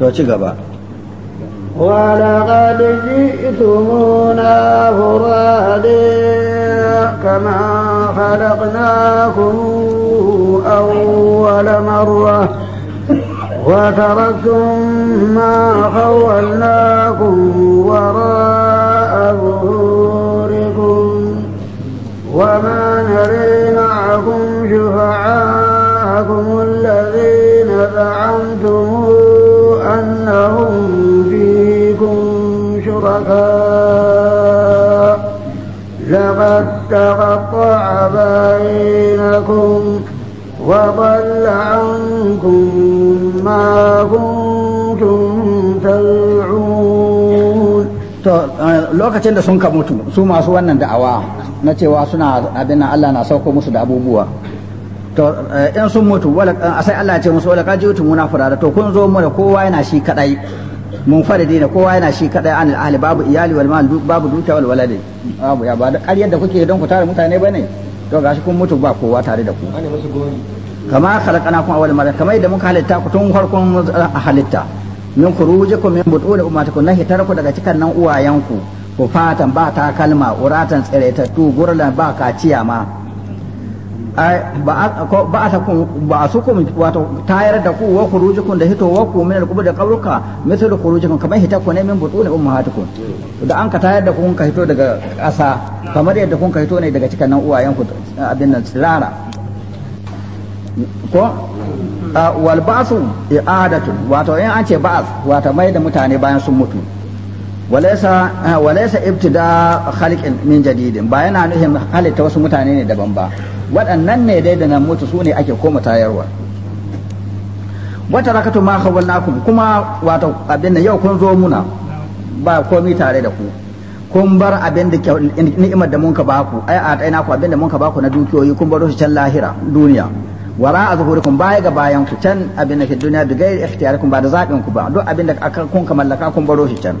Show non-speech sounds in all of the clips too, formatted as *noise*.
to ci gaba ولقد جئتمونا فرادي كما خلقناكم أول مرة وتركتم ما خولناكم وراء ظهوركم وما نري معكم شفعاءكم الذين زعمتموه أنهم فيكم شركاء لقد تقطع بينكم وضل عنكم ما كنتم lokacin da sun ka mutu su masu wannan da'awa na cewa suna abin Allah na sauko musu da abubuwa to eh, in sun mutu wala a eh, sai Allah ya ce musu wala mutu muna furada to kun zo mana kowa yana shi kadai mun fara dina kowa yana shi kadai anil ahli babu iyali wal mal babu duta wal walade babu ya ba da ƙaryar da kuke don ku tare mutane bane to gashi kun mutu ba kowa tare da ku kama khalaqnakum awwal marra kama yadda muka halitta ku tun farkon eh, halitta min khurujikum min butun ummatikum nahi tarku daga cikan nan uwayanku ku fatan ba ta kalma uratan tsiraitattu gurlan ba kaciya ma ba a sakun ba a sukun wato tayar da ku wa khurujukun da wa ku min alqubur da qabruka misal khurujukun kamar hita ku ne min butun hatukun da an ka tayar da ku kun ka hito daga ƙasa kamar yadda kun ka hito ne daga cikin nan uwayen ku abin nan tsirara ko wal ba'su i'adatu wato in an ce ba'as wato mai da mutane bayan sun mutu walaysa walaysa ibtida khalqin min jadidin ba yana nufin halitta wasu mutane ne daban ba waɗannan ne dai da nan mutu su ne ake koma tayarwa wata rakatu ma khawalnakum kuma wato abin da yau kun zo muna ba komi tare da ku kun bar abin da ni'imar da mun ka baku ai a ku abin da mun ka baku na dukiyoyi kun baro shi can lahira duniya wara a zuhurikum baya ga bayan ku can abin da ke duniya bi gairi ikhtiyarikum ba da zaɓin ku ba duk abin da kun ka mallaka kun baro shi can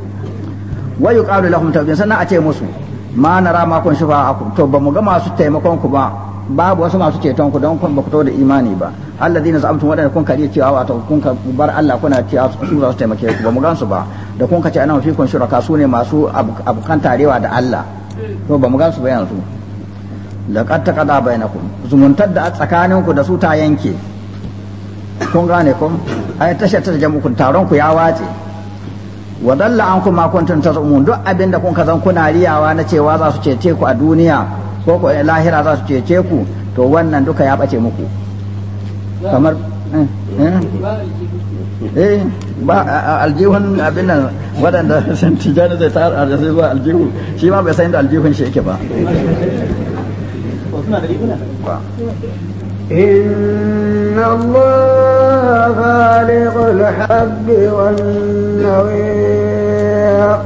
wa yuqalu lahum tawbin sannan a ce musu ma nara ma kun shufa akum to ba mu ga masu taimakon ku ba babu wasu masu ceton ku don kun bakuto da imani ba alladina zabtum wadanda kun kariya cewa wato kun bar Allah kuna cewa su za su taimake ku ba mu gansu ba da kun ce ana fi kun shuraka su ne masu abukan tarewa da Allah to ba mu gansu ba yanzu laqad taqada bainakum zumuntar da tsakanin ku da su ta yanke kun gane ko ai tashi ta jama'u kun taron ku ya wace wadalla an kuma kuntun tazumun duk abinda kun zan kuna riyawa na cewa za su cece ku a duniya ko ko eh, lahira za su cece ku to wannan duka ya bace muku kamar eh, eh, eh ba aljihun abin nan wadanda *laughs* sun tijani zai tara da zai zuwa aljihu shi ma bai san da aljihun shi yake ba إن الله خالق الحب والنوير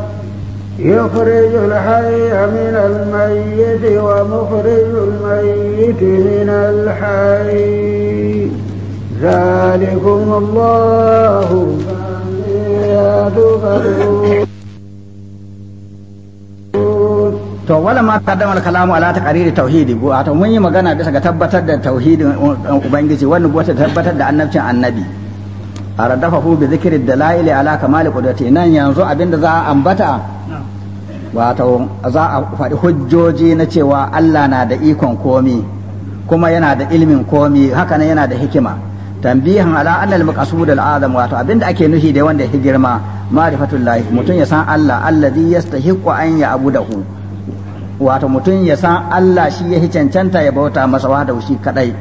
يخرج الحي من الميت ومخرج الميت من الحي ذلكم الله to wala ma kaddama kalamu ala ta taqriri tauhidi wato mun yi magana bisa ga tabbatar da tauhidin ubangiji wannan wata tabbatar da annabcin annabi a hu bi zikri dalail ala kamali qudrati nan yanzu abinda za a ambata wato za a faɗi hujjoji na cewa Allah na da ikon komi kuma yana da ilmin komi haka nan yana da hikima tambihan ala annal maqsud al azam wato abinda ake nufi da wanda ya girma ma'rifatul lahi mutun ya san Allah alladhi yastahiqqu an ya'budahu wato mutun ya san Allah shi ya cancanta ya bauta masa da shi kadai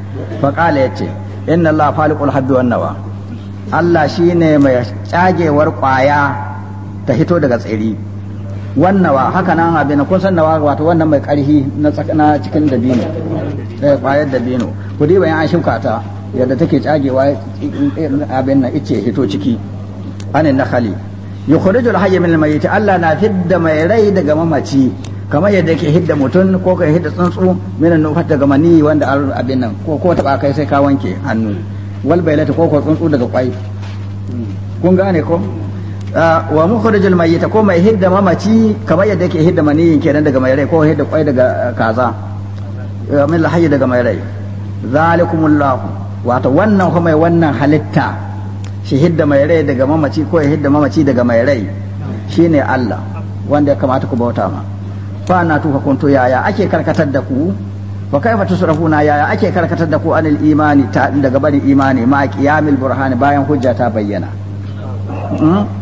fa qala yace inna Allah faliqul hadd wan nawa Allah shine mai cagewar kwaya ta hito daga tsiri wannawa haka nan abin kun san nawa wato wannan mai karhi na cikin dabino eh kwayar dabino ku dai bayan an shuka ta yadda take tsagewa abin nan ice hito ciki na khali yukhriju al-hayy min al-mayyit Allah na fidda mai rai daga mamaci kamar yadda yake hidda mutum ko ka hidda tsuntsu min nufar daga mani wanda abin nan ko ko ta kai sai ka wanke hannu wal bailata ko ko tsuntsu daga kwai kun gane ko Ah, wa mukhrijul mayyita ko mai hidda mamaci kamar yadda yake hidda maniyin kenan daga mai rai ko hidda kwai daga ah, kaza ah, min lahayyi daga mai rai zalikumullahu wato wannan kuma mai wannan halitta shi hidda mai rai daga mamaci ko ya hidda mamaci daga mai rai shine Allah wanda ya kamata ku bauta ma fa na tuka kunto yaya ake karkatar da ku wa kaifa tusrafuna yaya ake karkatar da ku anil imani ta daga bari imani ma qiyamil burhani bayan hujja ta bayyana hmm?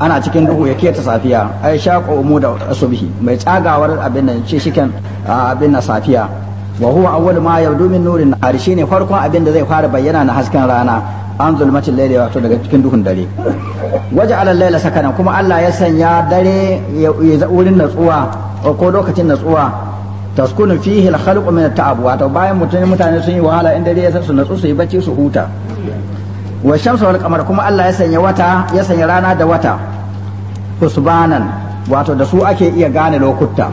ana cikin duhu ya keta safiya ai sha umu da subhi mai tsagawar abin nan shi shiken abin na safiya wa huwa awwal ma yabdu min nurin nahar ne farkon abin da zai fara bayyana na hasken rana an zulmatin laili wato daga cikin duhun dare waje alal laila sakana kuma Allah ya sanya dare ya wurin natsuwa ko lokacin natsuwa taskunu fihi al khalqu min at ta'ab wato bayan mutane mutane sun yi wahala in dare ya san su natsu su yi bacci su huta wa shamsu wal kamar kuma Allah ya sanya wata ya sanya rana da wata usbanan wato da su ake iya gane lokuta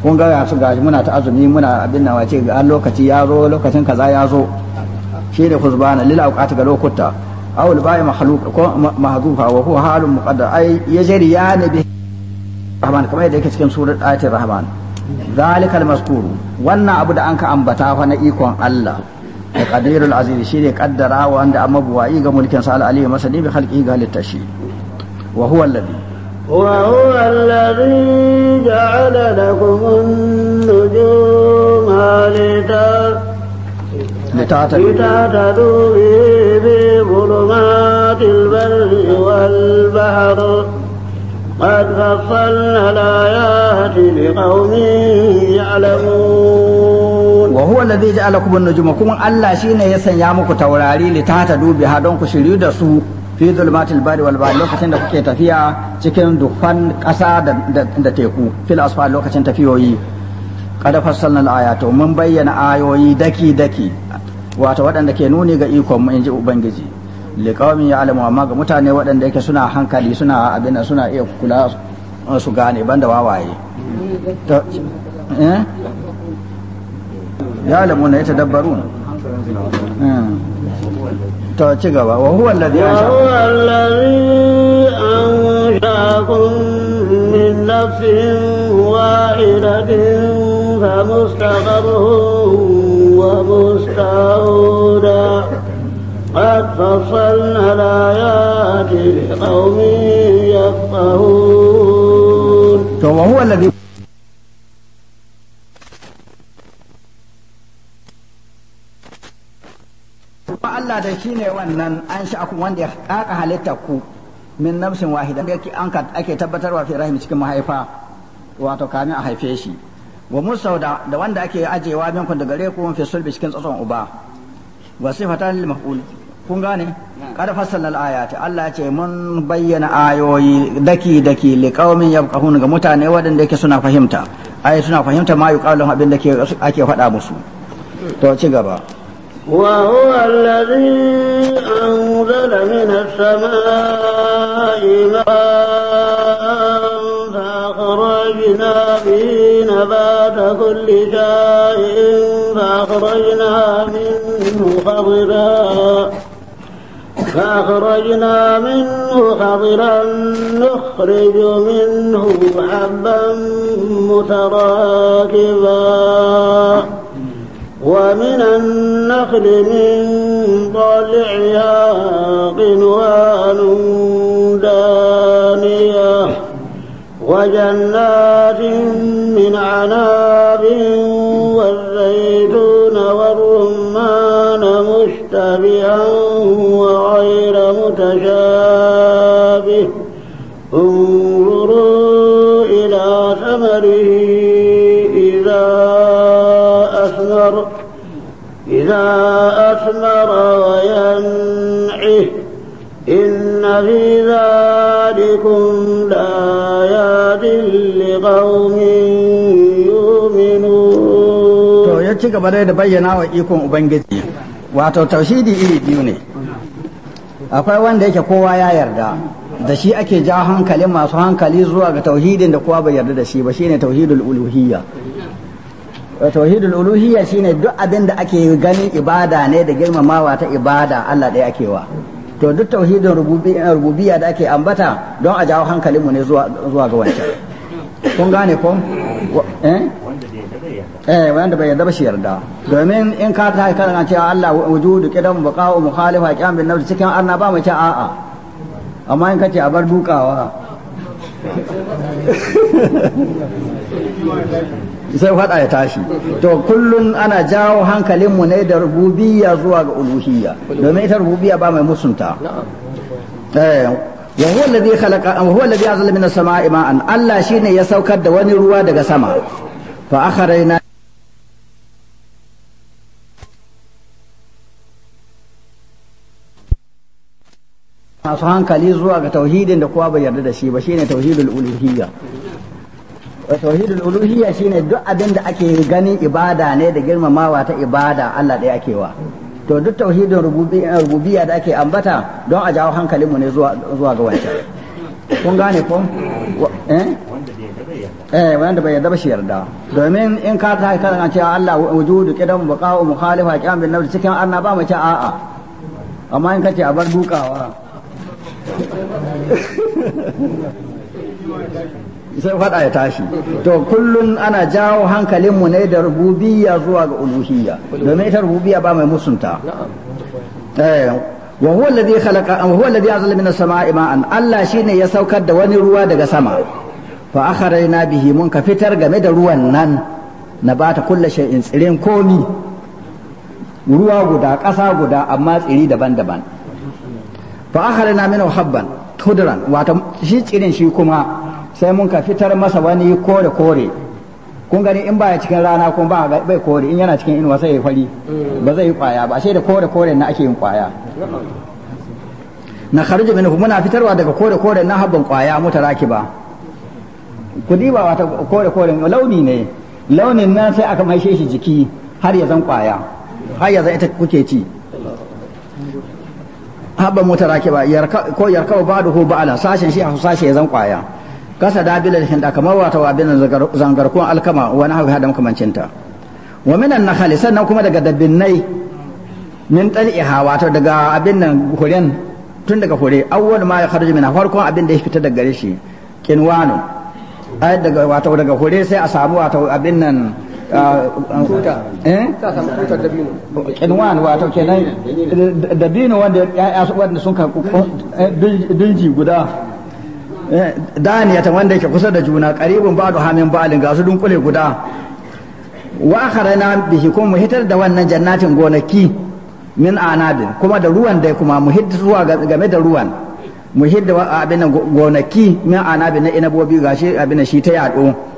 kun ga su gashi muna ta azumi muna abin nan wace ga lokaci ya zo lokacin kaza ya zo shi da husbana lil awqati ga lokuta aw al ba'i mahluq ko mahzufa wa huwa halun muqaddar ai yajri ya nabi rahman kamar yadda yake cikin surat ayatul rahman zalikal maskuru wannan abu da an ka ambata fa na ikon Allah taqdirul aziz shi shine kaddara wanda amma buwayi ga mulkin sa al-ali masani bi khalqi ga littashi wa huwa alladhi wa huwa alladhi ja'ala lakum an-nujuma litar لتعتدوا به في ظلمات البر والبحر قد فصلنا الآيات لقوم يعلمون وهو الذي جعلكم النجوم كما الله شين يسن يامك توراري لتهتدوا بها دونك شريو دسو fi zulmatil bari wal bahri lokacin da kuke tafiya cikin dukkan ƙasa da teku fil asfal lokacin tafiyoyi kada fassalna ayatu mun bayyana ayoyi daki daki wato waɗanda ke nuni ga ikon mu inji ubangiji ya alamu amma ga mutane waɗanda yake suna hankali suna abin suna iya kula su gane ban da wawaye eh? Ya alamu na ita dabbaru hmm. Ta ci gaba wa huwa alladhi ansha'akum min nafsin wahidatin wa ومستودع قد فصلنا الآيات لقوم يفقهون وهو الذي Allah da shi ne wannan an sha wanda ya kaka halittar ku min nafsin wahida da an ake tabbatarwa fi rahim cikin mahaifa wato kamin a haife shi wa musau da wanda ake ajewa minkun daga gare ku fi sulbi cikin tsotson uba wa lil maf'ul kun gane kada fassala al-ayati Allah ce mun bayyana ayoyi daki daki li qaumin ga mutane waɗanda yake suna fahimta ayi suna fahimta ma yuqalu abin da ake faɗa musu to ci gaba وهو الذي أنزل ma'an fa ماء bi nabata kulli shay'in fa فأخرجنا minhu خضرا فأخرجنا منه خضرا نخرج منه حبا متراكبا ومن النخل من طلعها قنوان دانية وجنات من عناب به إذا أثمر إذا أثمر وينعه إن في ذلكم لآيات لقوم to ya ci gaba da bayyana wa ikon ubangiji wato taushidi iri biyu ne akwai wanda yake kowa ya yarda da shi ake ja hankalin masu hankali zuwa ga tauhidin da kowa bai yarda da shi ba shine tauhidul uluhiyya tauhidul uluhiyya shine duk abin da ake ganin ibada ne da girmamawa ta ibada Allah ɗaya ake wa to duk tauhidin rububiyya da ake ambata don a jawo hankalinmu ne zuwa ga wancan kun gane ko eh? eh wanda bai yarda ba shi yarda domin in ka ta kana cewa Allah wujudu kidan baqa'u mukhalifa qiyam bin nafs cikin annaba mu ce a'a amma in kace a bar dukawa sai faɗa ya tashi to kullun ana jawo hankalinmu ne da rububiyya zuwa ga uluhiyya domin ita rububiyya ba mai musunta eh, wa huwa alladhi khalaqa wa huwa alladhi anzala minas samaa'i ma'an Allah shine ya saukar da wani ruwa daga sama fa akhrajna masu hankali zuwa ga tauhidin da kowa bai yarda da shi ba shine tauhidul uluhiyya tauhidul uluhiyya shine duk abin da ake ganin ibada ne da girmamawa ta ibada Allah ɗaya ake wa to duk tauhidin rububiyya da ake ambata don a jawo hankalin mu ne zuwa ga wancan kun gane ko eh? eh wanda bai yarda ba shi yarda domin in ka ta ka ce Allah wujudu kidan baqa'u mukhalifa qiyam bin nafs cikin annaba mu ce a'a amma in kace a bar dukawa *laughs* sai faɗa ya tashi to kullum ana jawo hankalinmu ne da rububiyya zuwa ga uluhiyya domin ita rububiyya ba mai musunta wahuwa eh, huwa zai khalaqa wa huwa alladhi anzala minas ya saukar da wani ruwa daga sama fa na bihi mun ka fitar game da ruwan nan na bata kulla shay'in tsirin komi ruwa guda ƙasa guda amma tsiri daban-daban fa na minhu habban khudran wato shi tsirin shi kuma sai mun ka fitar masa wani kore kore kun gani in ya cikin rana kun ba bai kore in yana cikin inuwa sai ya fari ba zai yi kwaya ba sai da kore kore na ake yin kwaya na kharju minhu muna fitarwa daga kore kore na habban kwaya ba ku diba wata kore kore launi ne launin nan sai aka maishe shi jiki har ya zan kwaya har ya zan ita kuke ci rake ba ko yarkau ba ba'ala sashen shi a sashe zan kwaya kasa da bilal hinda kamar wata wa bin kun alkama wani hau hadam kamancinta wa minan nakhali sannan kuma daga dabbinai min tal'iha wato daga abin nan huren tun daga hure awwal ma ya kharju min farkon abin da ya fita daga gare shi kinwanu ay daga wato daga hure sai a samu wato abin nan Eh? kinwan wato kenan dabino wanda ya'ya wanda sun ka eh, bilji guda eh, daniyata wanda yake kusa da juna karibin ba'du hamin ba'alin ga su dunkule guda wa akharana bihi kuma mu hitar da wannan jannatin gonaki min anabin kuma da ruwan dai kuma mu hitar zuwa game da ruwan mu da abin gonaki min anabin na inabobi gashi abin shi ta yaɗo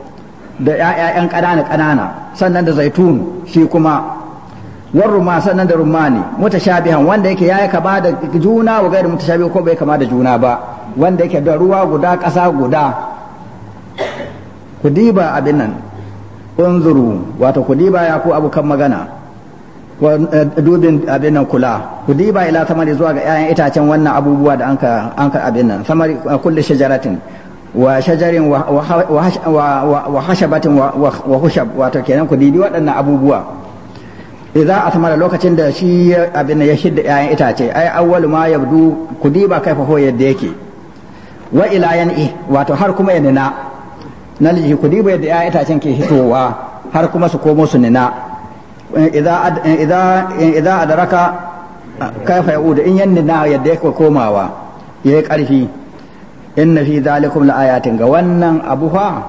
da ƴaƴan ƙanana ƙanana sannan da zaitun shi kuma war sannan da rumani mutashabihan wanda yake yayi kama da juna wa gairu mutashabihu ko bai kama da juna ba wanda yake da ruwa guda ƙasa guda ku diba abin nan unzuru wato ku diba ya ku abu kan magana eh, dubin abin nan kula ku diba ila samari zuwa ga 'ya'yan itacen wannan abubuwa da anka anka abin nan samari kullu shajaratin وشجر وخشبة وخشب كذي كديبي وأن أبو بوا إذا أثمر لوكا تند شيء أبن يشد يعني أي أول ما يبدو كديبا كيف هو يديكي وإلى ينئي وتحركم يننا نلجي كديبا يدي يعني إتاتي كي هتوا حركم سكومو سننا إذا إذا إذا أدرك كيف يعود إن يننا يديك وكوماوا يهيك ألفي inna fi dhalikum laayatin ga wannan abu fa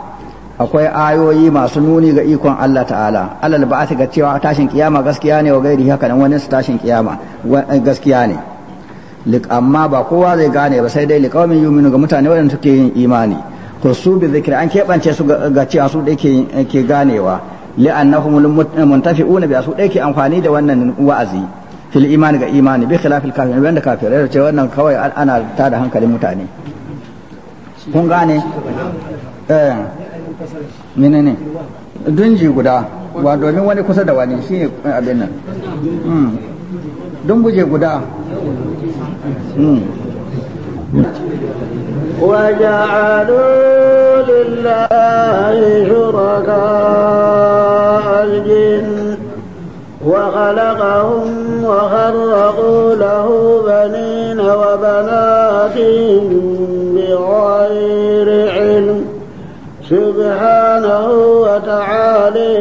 akwai ayoyi masu nuni ga ikon Allah ta'ala alal ba'ath ga cewa tashin kiyama gaskiya ne wa gairi haka nan wani tashin kiyama eh, gaskiya ne amma ba kowa zai gane ba sai dai liqaumin yu'minu ga mutane wadanda suke yin imani to su bi zikri an keɓance su ga cewa su da ke ganewa li'annahum muntafi'una bi su da ke amfani da wannan wa'azi fil imani ga imani bi khilafil kafirin wanda kafirai ce wannan kawai ana tada hankalin mutane kun gane eh menene dunji guda wa domin wani kusa da wani shi eh, abin nan hmm. dumbuje guda hmm. وجعلوا لله شركاء الجن وخلقهم وخرقوا له بنين وبناتهم سبحانه وتعالى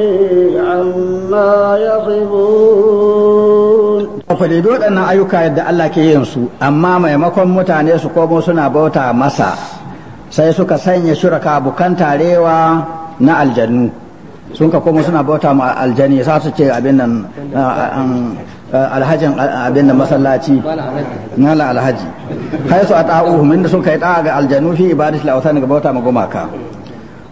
عما يصفون fade bi waɗannan ayyuka yadda Allah ke yin su amma maimakon mutane su komo suna bauta masa sai suka sanya shuraka bukan tarewa na aljannu sun ka komo suna bauta ma aljani sa su ce abin nan alhajin abin nan masallaci nala alhaji haisu a ta'uhu min da sun kai ta'a ga aljannu fi ibadatu al ga bauta ma gumaka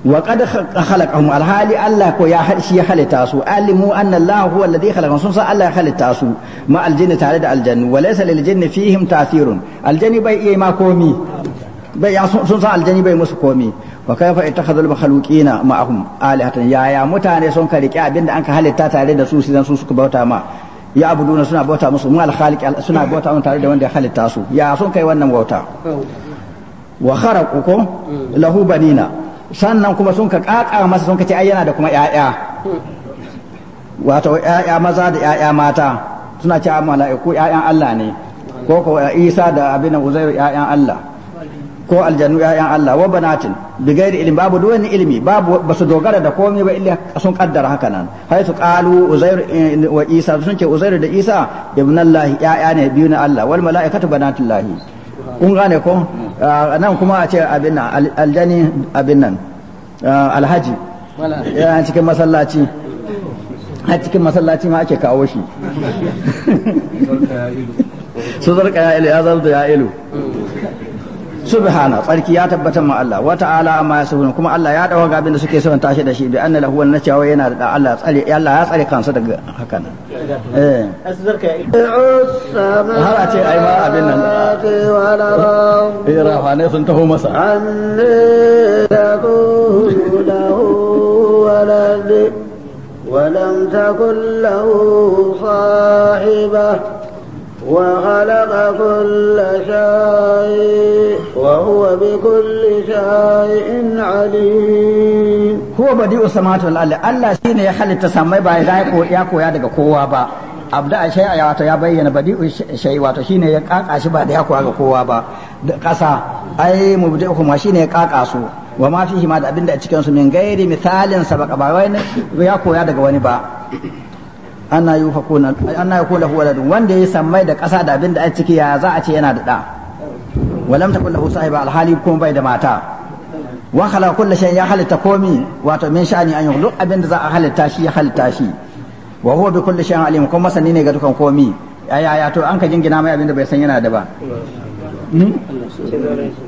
wa qad khalaqahum alhali Allah ko ya shi ya halitta su alimu anna Allah huwa alladhi khalaqa sun san Allah ya halitta su ma aljanna tare da aljannu wa laysa lil jinni fihim ta'thirun aljanni bai iya ma komi bai sun san aljanni bai musu komi wa kaifa ittakhadhu al makhluqina ma'ahum alihatan ya ya mutane sun ka rike abinda an ka halitta tare da su sai su suka bauta ma ya abuduna suna bauta musu mu al khaliq suna bauta mun tare da wanda ya halitta su ya sun kai wannan bauta wa kharaqu lahu banina sannan kuma sun ka ƙaƙa masa sun ka ce ai yana da kuma ‘ya'ya wato ‘ya'ya maza da ‘ya'ya mata suna ce mala'iku ‘ya'yan Allah ne ko ko Isa da abin Uzairu ‘ya'yan Allah ko aljanu ‘ya'yan Allah wa banatin bigairi ilimi babu duk wani ilimi babu ba su dogara da komai ba illa sun kaddara haka nan hay su qalu Uzairu eh, wa Isa sun ce Uzairu da Isa Allah ‘ya'ya ne biyu na Allah wal mala'ikatu banatullahi kun gane ko A ah, nan kuma a ce abin nan aljani abin nan ah, alhaji yana cikin masallaci a cikin masallaci ma ake kawo shi *laughs* su zarka ya ilu ya zarda ya ilu mm. subhana tsarki ya tabbatar ma Allah wa ta'ala amma ya sabuna kuma Allah ya dawo ga abinda suke son tashi da shi bi anna lahu wannan cewa yana da Allah tsare Allah ya tsare kansa daga haka nan eh har a ce ai ma abin nan eh rafane sun taho masa ولم تكن له صاحبه وخلق كل شيء وهو بكل شيء عليم هو بديع السماوات والارض الله شيء ya halitta samai ba ya koya daga kowa ba abda a shai ya bayyana badi'u shai wato shine ya kaka shi ba da ya koya ga kowa ba kasa ai mubdi'u kuma shine ya kaka su wa ma fihi ma abinda a cikin su min gairi misalin sabaka ba ya koya daga wani ba ana yi ana yi kula waladun wanda ya sammai da ƙasa da abin da a ciki ya za a ce yana da ɗa walam ta husa ba alhali ko bai da mata wa khala kullu shay ya halitta komi wato min sha'ani an yukhluq abin da za a halitta shi ya halitta shi wa huwa bi kulli shay'in alim kuma masani ne ga dukan komi ya ya to an ka jingina mai abin da bai san yana da ba hmm?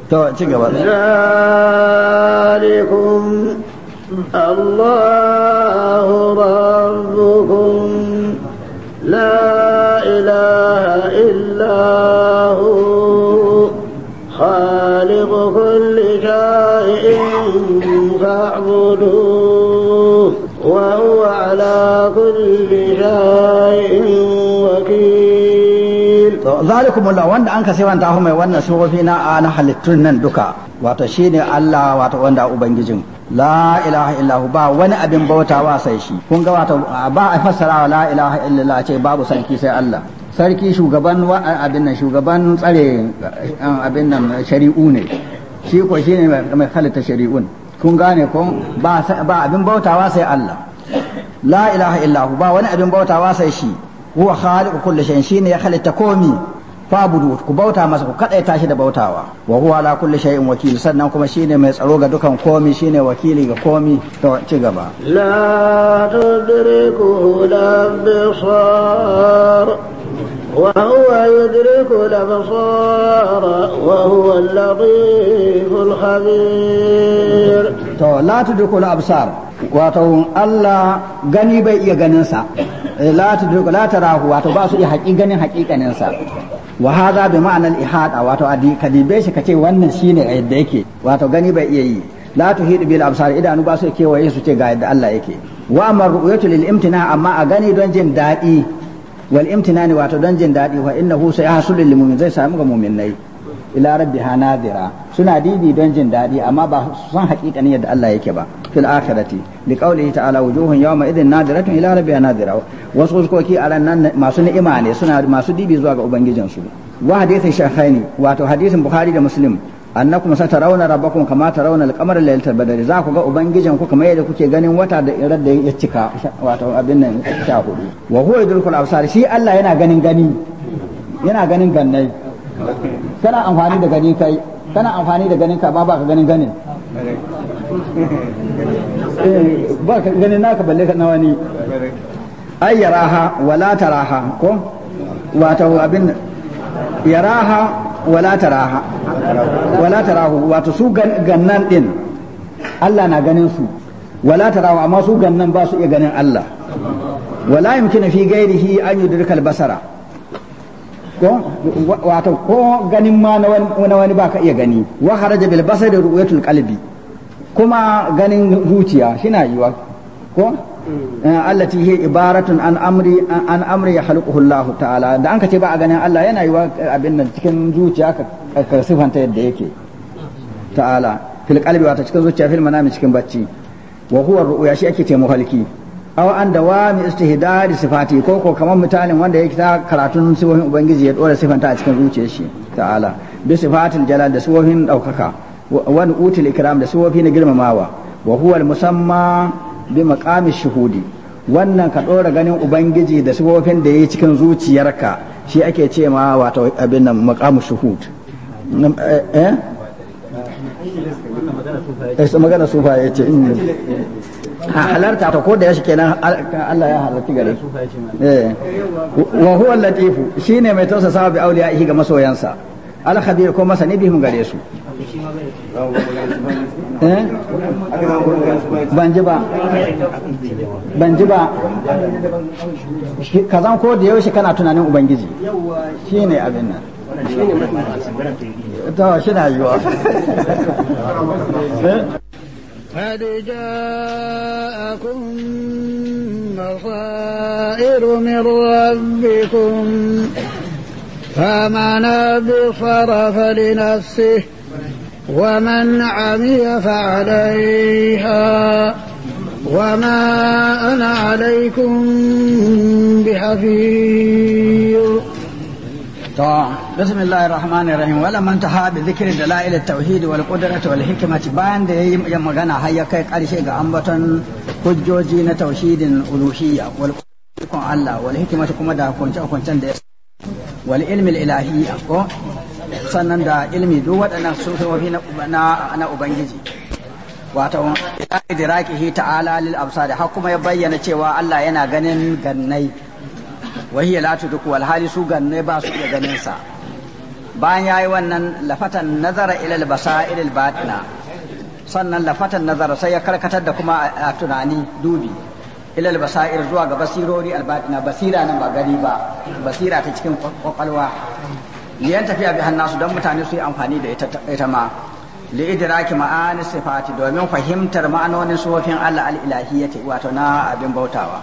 to ci gaba الله ربكم لا إله إلا هو خالق كل شيء فاعبدوه zalikum Allah wanda an ka sifanta hu mai wannan sifofi na na halittun nan duka wato shine Allah wato wanda ubangijin la ilaha illahu ba wani abin bautawa sai shi kun ga wato ba a fassara la ilaha illallah ce babu sarki sai Allah sarki shugaban abin nan shugaban tsare abin nan shari'u ne shi ko shine mai halitta shari'un kun gane ko ba abin bautawa sai Allah la ilaha illahu ba wani abin bautawa sai shi huwa khaliqu kulli shay'in shine ya halitta komi fa'budu ku bauta masa ku kadaita shi da bautawa wa huwa ala kulli shay'in wakil sannan kuma shine mai tsaro ga dukan komi shine wakili ga komi to ci gaba la tudriku la bisar wa huwa yudriku la bisar wa huwa al-latiful khabir to la tudriku la absar wato Allah gani bai iya ganinsa eh, la tudriku la rahu wato ba su iya haƙi ganin haƙiƙaninsa wa hadha bi ma'anal ihada wato adi kadibe shi kace wannan shine yadda yake wato gani bai iya yi la tuhid bil absar idanu ba su kewaye su ce ga yadda Allah yake wa amma ru'yatu lil imtina amma a gani don jin daɗi wal ne wato don jin daɗi wa innahu sayahsul lil mu'min zai samu ga mu'minai ila rabbiha nadira suna didi don jin dadi amma ba su san hakikanin yadda Allah yake ba fil akhirati li qawlihi ta'ala wujuhun yawma idhin nadiratun ila rabbiha nadira wasu uskoki a ran nan masu ni'ima ne suna masu dibi zuwa ga ubangijin su wa hadithin shaykhaini wato hadisin bukhari da muslim annakum satarawna rabbakum kama tarawna al-qamara laylatal badri za ku ga ubangijin ku kamar yadda kuke ganin wata da irar da ya cika wato abin nan sha hudu wa huwa yudrikul absar shi Allah yana ganin gani yana ganin gannai kana amfani da gani kai kana amfani da ganin ka ba ka ganin ganin ba ka ganin naka balle ka nawa ne ai yaraha wala taraha ko wato abin yaraha wala taraha wala tarahu wato su gannan din Allah na ganin su wala tarahu amma su gannan ba su iya ganin Allah wala yumkinu fi ghairihi an yudrika al-basara ko wato ko ganin ma na wani baka iya gani wa haraja bil basar da ru'yatul qalbi kuma ganin zuciya shina yiwa ko mm. eh, allati hi ibaratun an amri an amri ya khalquhu Allah ta'ala da an ce ba a ganin Allah yana yiwa abin nan cikin zuciya ka sifanta yadda yake ta'ala fil qalbi wato cikin zuciya fil manami cikin bacci wa huwa ru'ya shi ake ce muhalki aw an dawami istihdari sifati ko ko kamar mutanen wanda yake ta karatun sifofin ubangiji ya dora sifanta a cikin zuciyar shi ta'ala bi sifatil jalal da sifofin daukaka wani utul ikram da sifofi na girmamawa wa huwa musamma bi maqami shuhudi wannan ka dora ganin ubangiji da sifofin da yake cikin zuciyarka shi ake ce ma wato abin nan maqamu shuhud eh, eh? eh magana sufa yace mm. halarta ta ko da yashi kenan Allah ya halarci gare su eh. wa huwa latifu shine mai tausasa bi auliyahi ga masoyansa al khadir ko masani bihun gare su eh? ban ji ba ban ba kazan ko da yaushe kana tunanin ubangiji shine abin nan to shi na yiwa *laughs* eh? قد جاءكم بصائر من ربكم فمن أبصر فلنفسه ومن عمي فعليها وما أنا عليكم بحفيظ بسم الله الرحمن الرحيم ولا من تها بذكر دلائل التوحيد والقدرة والحكمة بان ده يم غنا هيا كي قال شيء عم بتن حجوجين توحيد الوهية والقدرة الله والحكمة كم ده كون شو كون sannan da ilmi duk waɗannan sun fi wafi na Ubangiji. Wato, ila idiraki hi ta'ala lil absadi har kuma ya bayyana cewa Allah yana ganin gannai. Wahiyya latu duk walhali su gannai ba su iya ganin sa. bayan ya yi wannan lafatan nazara ilal basa ilal batina sannan lafatan nazara sai ya karkatar da kuma a tunani dubi ilal basa'ir zuwa ga basirori albatina basira nan ba gari ba basira ta cikin kwakwalwa liyan tafiya bi hannasu don mutane su yi amfani da ita ma li idraki ma'ani sifati domin fahimtar ma'anonin sufofin Allah al ilahiyyati wato na abin bautawa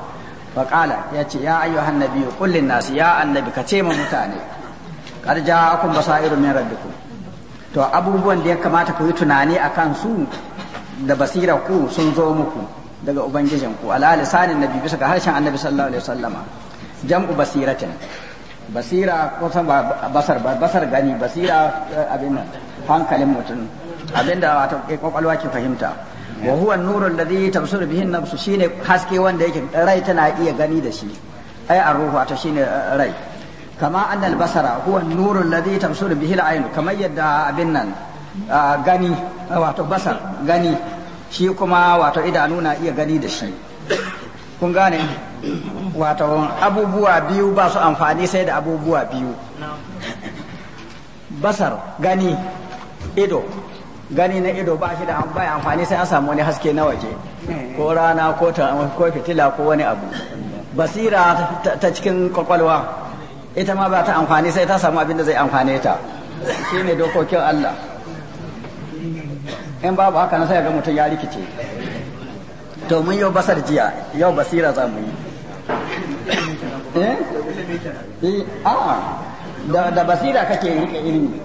faqala yace ya ayyuhan nabiyyu qul lin nasi ya annabi kace ma mutane qad ja'akum basairu min rabbikum to abubuwan da ya kamata ku yi tunani akan su da basira ku sun zo muku daga ubangijin ku ala lisanin nabi bisa ga harshen annabi sallallahu alaihi wasallama jam'u basiratin basira ko san basar basar gani basira eh, abin nan hankalin mutum abinda wato kwakwalwa ke fahimta wa huwa an-nuru alladhi tabsuru bihi an-nafsu shine haske wanda yake rai tana iya gani da shi ai ar-ruhu ta shine eh, rai kama annal basara huwa nuru alladhi tamsuru bihi al kama yadda abin nan gani wato basar gani shi kuma wato idanu na iya gani da shi kun gane wato abubuwa biyu ba su amfani sai da abubuwa biyu basar gani ido gani na ido ba shi da bai amfani sai an samu wani haske na waje ko rana ko fitila ko wani abu basira ta cikin kwakwalwa ita ma ba ta amfani sai ta samu abin da zai amfane ta ne dokokin Allah in babu haka na sai ga mutum ya rikice to mun yau basar jiya yau basira za mu yi eh, eh da da basira kake rike ilimi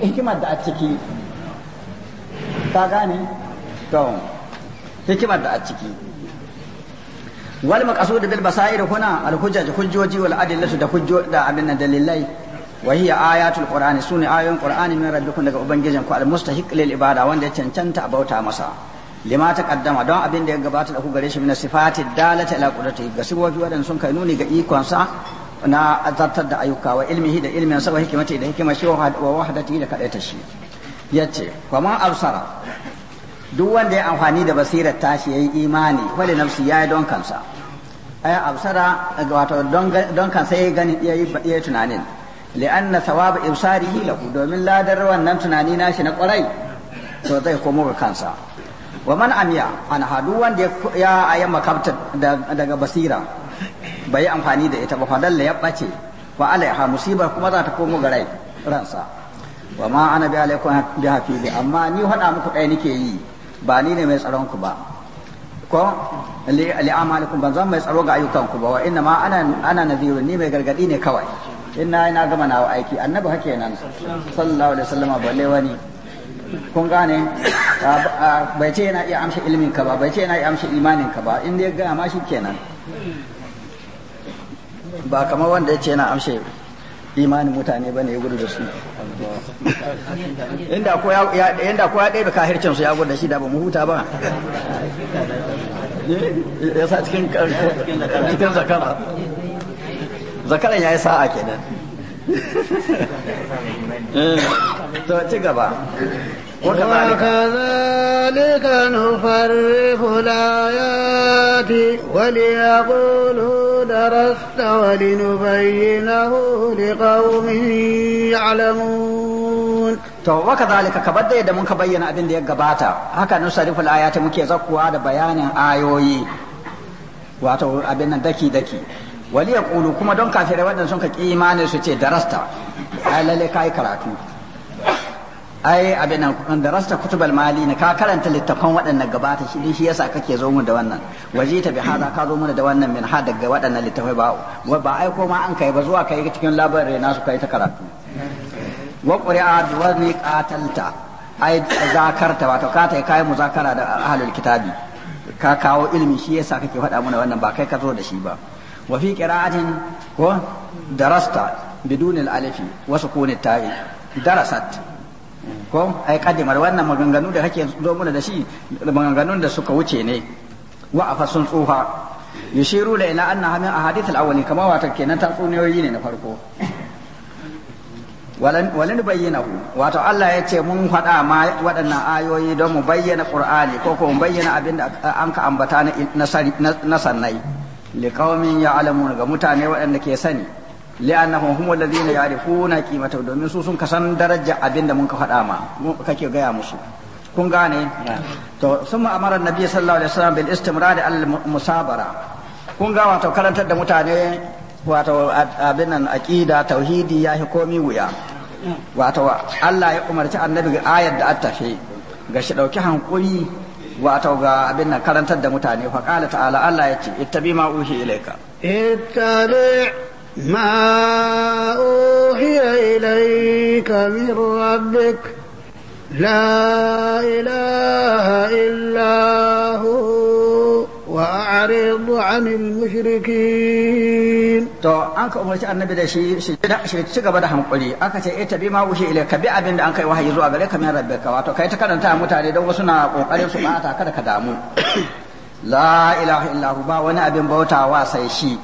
hikimar da a ciki ta gane to hikimar da a ciki wal maqsud bil basair huna al hujaj hujjoji wal adillatu da hujjo da abin nan dalilai wa hiya ayatul qur'ani sunni ayoyin qur'ani min rabbikum daga ubangijin ku al mustahiq lil ibada wanda ya cancanta a bauta masa lima taqaddama don abin da ya gabata da ku gare shi min sifati dalata ila qudratihi ga sibobi wadan sun kai nuni ga ikonsa na azartar da ayyuka wa ilmihi da ilmin sa wa hikimati da hikimar shi wa wahdati da kadaita shi yace kuma absara duk wanda ya amfani da basirar tashi ya yi imani wale nafsi ya yi don kansa ai absara wato don kansa ya yi gani ya yi tunanin li'anna thawaba ibsarihi lahu domin ladar wannan tunani nashi na kwarai to zai komo ga kansa wa man amiya an hadu wanda ya ayi makabta daga basira bai amfani da ita ba dalla ya bace wa alaiha musibar kuma za ta komo ga rai ransa wa ma ana bi alaikum bi hafizi amma ni hada muku ɗaya nake yi ba ni ne mai tsaron ku ba ko li'amalikum ban zan mai tsaro ga ayyukan ku ba wa inna ma ana ana nadhiru ni mai gargadi ne kawai inna ina gama nawa aiki annabi hake nan sallallahu alaihi wasallam le wani kun gane bai ce yana iya amshi ilmin ka ba bai ce yana iya amshi imanin ka ba in dai ga ma shi kenan ba kamar wanda ya ce yana amshe imanin mutane ba ne ya gudu da su inda ko ya inda ko ya kahircin su ya gudu da shi da ba mu huta ba eh, ya sa cikin cikin zakara zakaran ya yi sa'a kenan *laughs* eh, to ci gaba وكذلك نصرف الآيات وليقولوا درست ولنبينه لقوم يعلمون to waka zalika ka bar da yadda muka bayyana abin da ya gabata haka nan sariful ayati muke zakkuwa da bayanin ayoyi wato abin nan daki daki wali kulu kuma don kafirai wannan sun ka imani su ce darasta ai lalle kai karatu ai abin nan da rasta kutubal mali ne ka karanta littafan waɗannan gabata shi shi yasa kake zo mu da wannan waje ta bi hada ka zo mana da wannan min ha daga waɗannan littafai ba wa ba ai ko ma an kai ba zuwa kai cikin labarai nasu kai ta karatu wa qur'a duwani qatalta ai zakarta wato ka tai kai muzakara da ahlul kitabi ka kawo ilimi shi yasa kake faɗa mana wannan ba kai ka zo da shi ba wa fi qira'atin ko darasta bidun al-alifi wa sukun at-ta'i darasat ko ai kadimar wannan maganganu da kake zo muna da shi maganganun da suka wuce ne wa afa sun tsufa yushiru la ila anna hamin ahadith al-awwali kama wata kenan tatsuniyoyi ne na farko walin bayyanahu wato Allah ya ce mun faɗa ma waɗannan ayoyi don mu bayyana Qur'ani ko ko mu bayyana abin da an ka ambata na sannai liƙaumin ya ga mutane waɗanda ke sani li'annahum hum alladhina ya'rifuna qimatahu domin su sun kasan daraja abin da mun ma kake gaya musu kun gane to summa amara annabi sallallahu alaihi wasallam bil istimrar al musabara kun ga karantar da mutane wato abin nan aqida tauhidi ya hi komi wuya wato Allah ya umarci annabi ga ayar da attafe ga shi dauki hankuri wato ga abin nan karantar da mutane fa ta'ala Allah ya ci ita ittabi ma uhi ilayka ittabi ما أوحي إليك من ربك لا إله إلا هو وأعرض عن المشركين to an ka umarci annabi da shi shi ci gaba da hankuli aka ce eh tabi ma wuce ile ka bi abin da an kai wahayi zuwa gare ka min rabbika wato kai ta karanta mutane don wasu na kokarin su bata kada ka damu *coughs* la ilaha illahu ba wani abin bautawa sai shi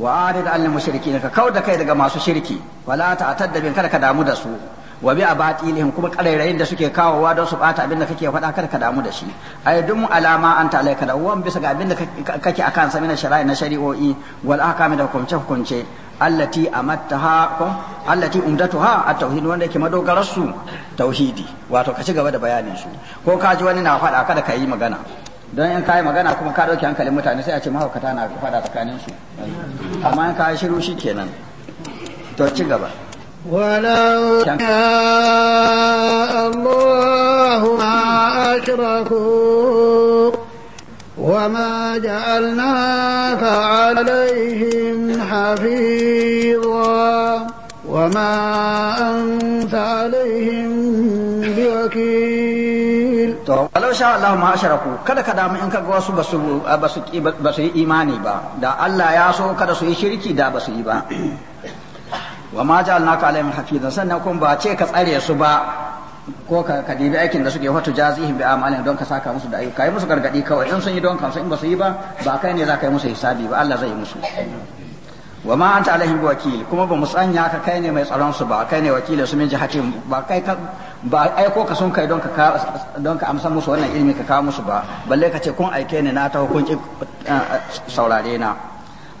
wa arid al mushrikin ka da kai daga masu shirki wala a bin kada ka damu da su wa bi abatilihim kuma karairayin da suke kawowa don su bata abin da kake faɗa kada ka damu da shi ay dum alama anta alayka da wan bisa ga abin da kake akan sa min shari'a na shari'o'i wal ahkam da hukunce hukunce allati amattaha ko allati umdatuha at wanda yake madogarar su tauhidi wato ka ci gaba da bayanin su ko ka ji wani na faɗa kada ka yi magana don in kayi magana kuma ka ɗauki hankalin mutane sai a ce mahaukata na faɗa tsakanin su amma in kayi shiru shi kenan to ci gaba ولو شاء الله ما أشركوا وما جعلناك عليهم حفيظا وما أنت عليهم بوكيل walau sha Allah ma asharaku kada ka damu in ka ga wasu basu basu yi imani ba da Allah ya so kada su yi shirki da basu yi ba wa ma ja'alnaka alaihim hafiza sannan kun ba ce ka tsare su ba ko ka ka dibi aikin da suke wato jazihin bi amalin don ka saka musu da ayyuka yi musu gargadi kawai in sun yi don kansu in basu yi ba ba kai ne za ka yi musu hisabi ba Allah zai yi musu wa ma anta alaihim wakil kuma ba musanya ka kai ne mai tsaron su ba kai ne wakilin su min jihatin ba kai ka ba aiko ka sun kai don ka don ka amsa musu wannan ilimi ka kawo musu ba balle ka ce kun aike ni na ta hukunci saurare na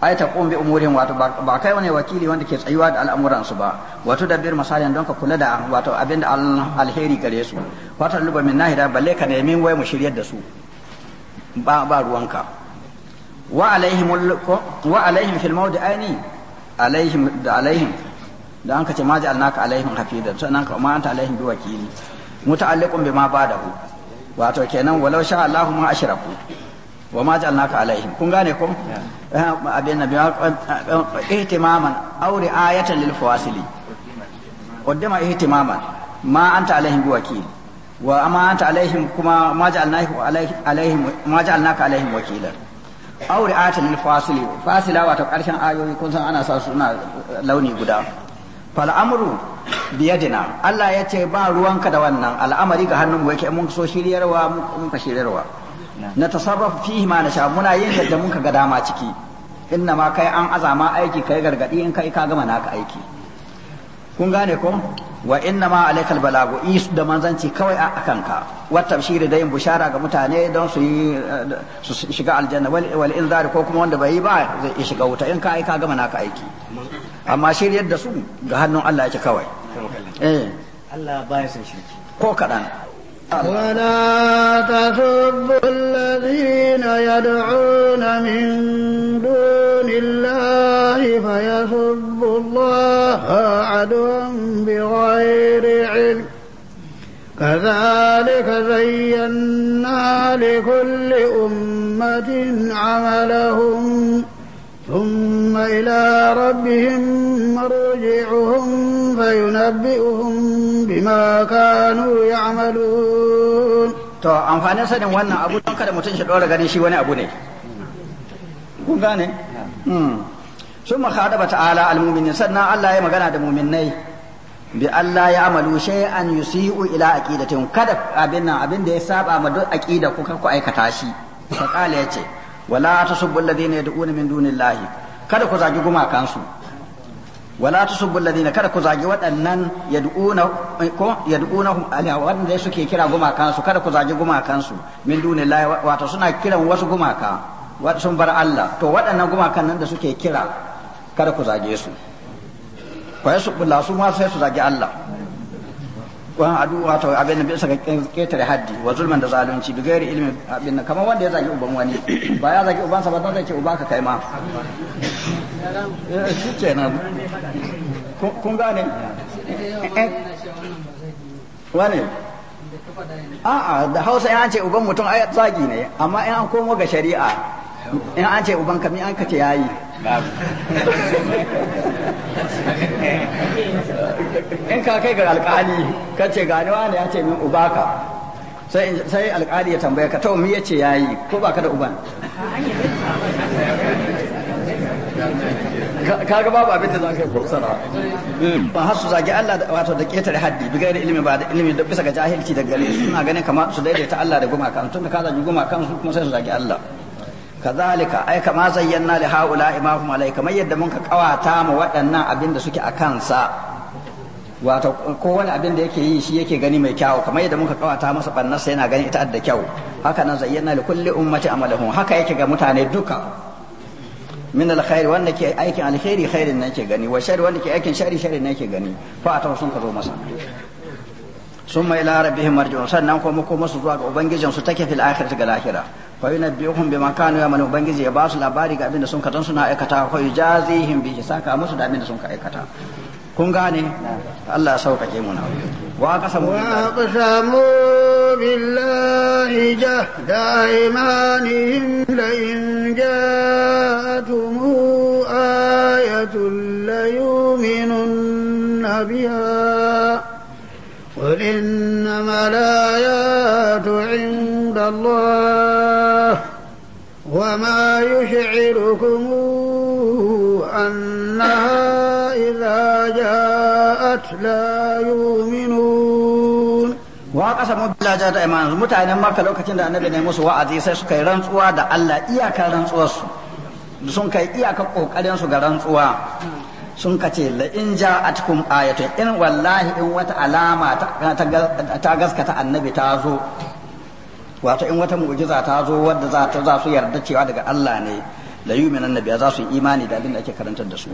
ai ta kun bi umurin wato ba kai wani wakili wanda ke tsayuwa da al'amuran su ba wato bir misalin don ka kula da wato abinda alheri gare su wato luba min nahida balle ka nemi wai mu shiryar da su ba ba ruwanka wa alaihim wa alaihim fil mawdi'aini alaihim da alaihim da an ce ma ja'alnaka alaihim hafidan sannan ka ma anta alaihim biwakili muta'alliqun bima ba'dahu wato kenan walau sha Allahu ma ashraku wa ma ja'alnaka alaihim kun gane ko eh, abin nabi eh, ihtimaman aw ri'ayatan lil fawasili qaddama ihtimaman ma anta alaihim biwakili wa ma anta alaihim kuma ma ja'alnaka alaihim ma ja'alnaka alaihim wakilan aure atin fasili fasila wato karshen ayoyi kun san ana sa suna launi guda fal amru biyadina Allah ya ce ba ruwanka da wannan al'amari ga hannun mu yake mun so shiryarwa mun ka shiryarwa na tasarrafu fihi ma nasha muna yin yadda mun ka ga dama ciki inna ma kai an azama aiki kai gargadi in kai ka gama naka aiki kun gane ko wa inna ma alaikal balagu isu da manzanci kawai a kanka wa tabshiri da yin bushara ga mutane don su yi su shiga aljanna wal inzari ko kuma wanda bai yi ba zai shiga wuta in ka aika gama naka aiki amma shiryar da su ga hannun Allah yake kawai eh Allah baya son shirki ko kadan ولا تسبوا الذين يدعون من دون الله فيسبوا الله عدوا بغير علم كذلك زينا لكل أمة عملهم ثم إلى ربهم مرجعهم فينبئهم بما كانوا يعملون to amfanin sanin wannan abu don kada mutum shi ɗora ganin shi wani abu ne kun gane hmm. sun makadaba ta'ala al-muminin sannan Allah ya magana da muminai bi Allah ya amalu an yusi'u ila aqidatin kada abin nan abin da ya saba ma duk aqida ku ku aikata shi fa qala yace wala tasubbu alladhina yad'una min dunillahi kada ku zagi gumakansu wala tusubbu alladhina kada ku zagi waɗannan yad'una ko yad'unahum ala wanda suke kira gumakansu kada ku zagi gumakansu min dunillahi wato suna kiran wasu gumaka sun bar Allah to waɗannan gumakan nan da suke kira kada ku zage su ko yasubbu Allah su ma sai su zagi Allah wa adu wato abin da bisa ketare haddi wa zulman da zalunci da gairi ilmi abin nan kamar wanda ya zagi uban wani ba ya zagi ubansa ba dan zai ce uba ka kai ma eh, kun gane eh, wane a'a da hausa in an ce uban mutum ai zagi ne amma in an komo ga shari'a in an ce uban kami an kace yayi in ka kai ga alkali ka ce gani wani ya ce min ubaka sai alkali ya tambaye ka to mi ya ce yayi ko baka da uban ka ga babu abin da za ka yi kursara hmm. ba har su zagi Allah da wato da ketare haddi bi gairi ilimi ba da ilimi da bisa ga jahilci da gare su suna ganin kamar su daidaita Allah da gumakan tun da ka zagi gumakan su kuma sai su zagi Allah kazalika ai kama zayyana li haula imahum alai kamar yadda mun ka da suke wato abin da yake yi shi yake gani mai kyau kamar yadda muka kawata masa bannarsa yana gani ita da kyau haka nan zayyana li kulli ummati amalahum haka yake ga mutane duka min alkhair wanda ke aikin alkhairi khairin gani wa shar wanda ke aikin shari shari gani fa ta sun ka zo masa summa ila rabbihim marji'un sannan ko masu zuwa ga ubangijin su take fil akhirati ga lahira fa yunabbihum bima kanu ya'malu ubangiji ya ba su labari ga abin da sun katan suna aikata fa yujazihim bi saka musu da abin da sun ka aikata kun gane Allah ya sauƙaƙe mu na wa qasamu qasamu billahi jahda imanihim la in ja'atum ayatun la yu'minun biha قل إنما الآيات عند الله وما يشعركم أنها إذا جاءت لا يؤمنون wa ƙasa mu bilaja da iman mutanen makka lokacin da annabi ne musu wa'azi sai suka yi rantsuwa da Allah iyakar rantsuwarsu sun kai iyakar ƙoƙarinsu ga rantsuwa sun kace ce la in ja'atkum ayatun in wallahi in wata alama ta gaskata annabi ta zo wato in wata mu'jiza ta zo wadda za ta za su yarda cewa daga Allah ne la minan nabiyya za su yi imani da abin da ake karantar da su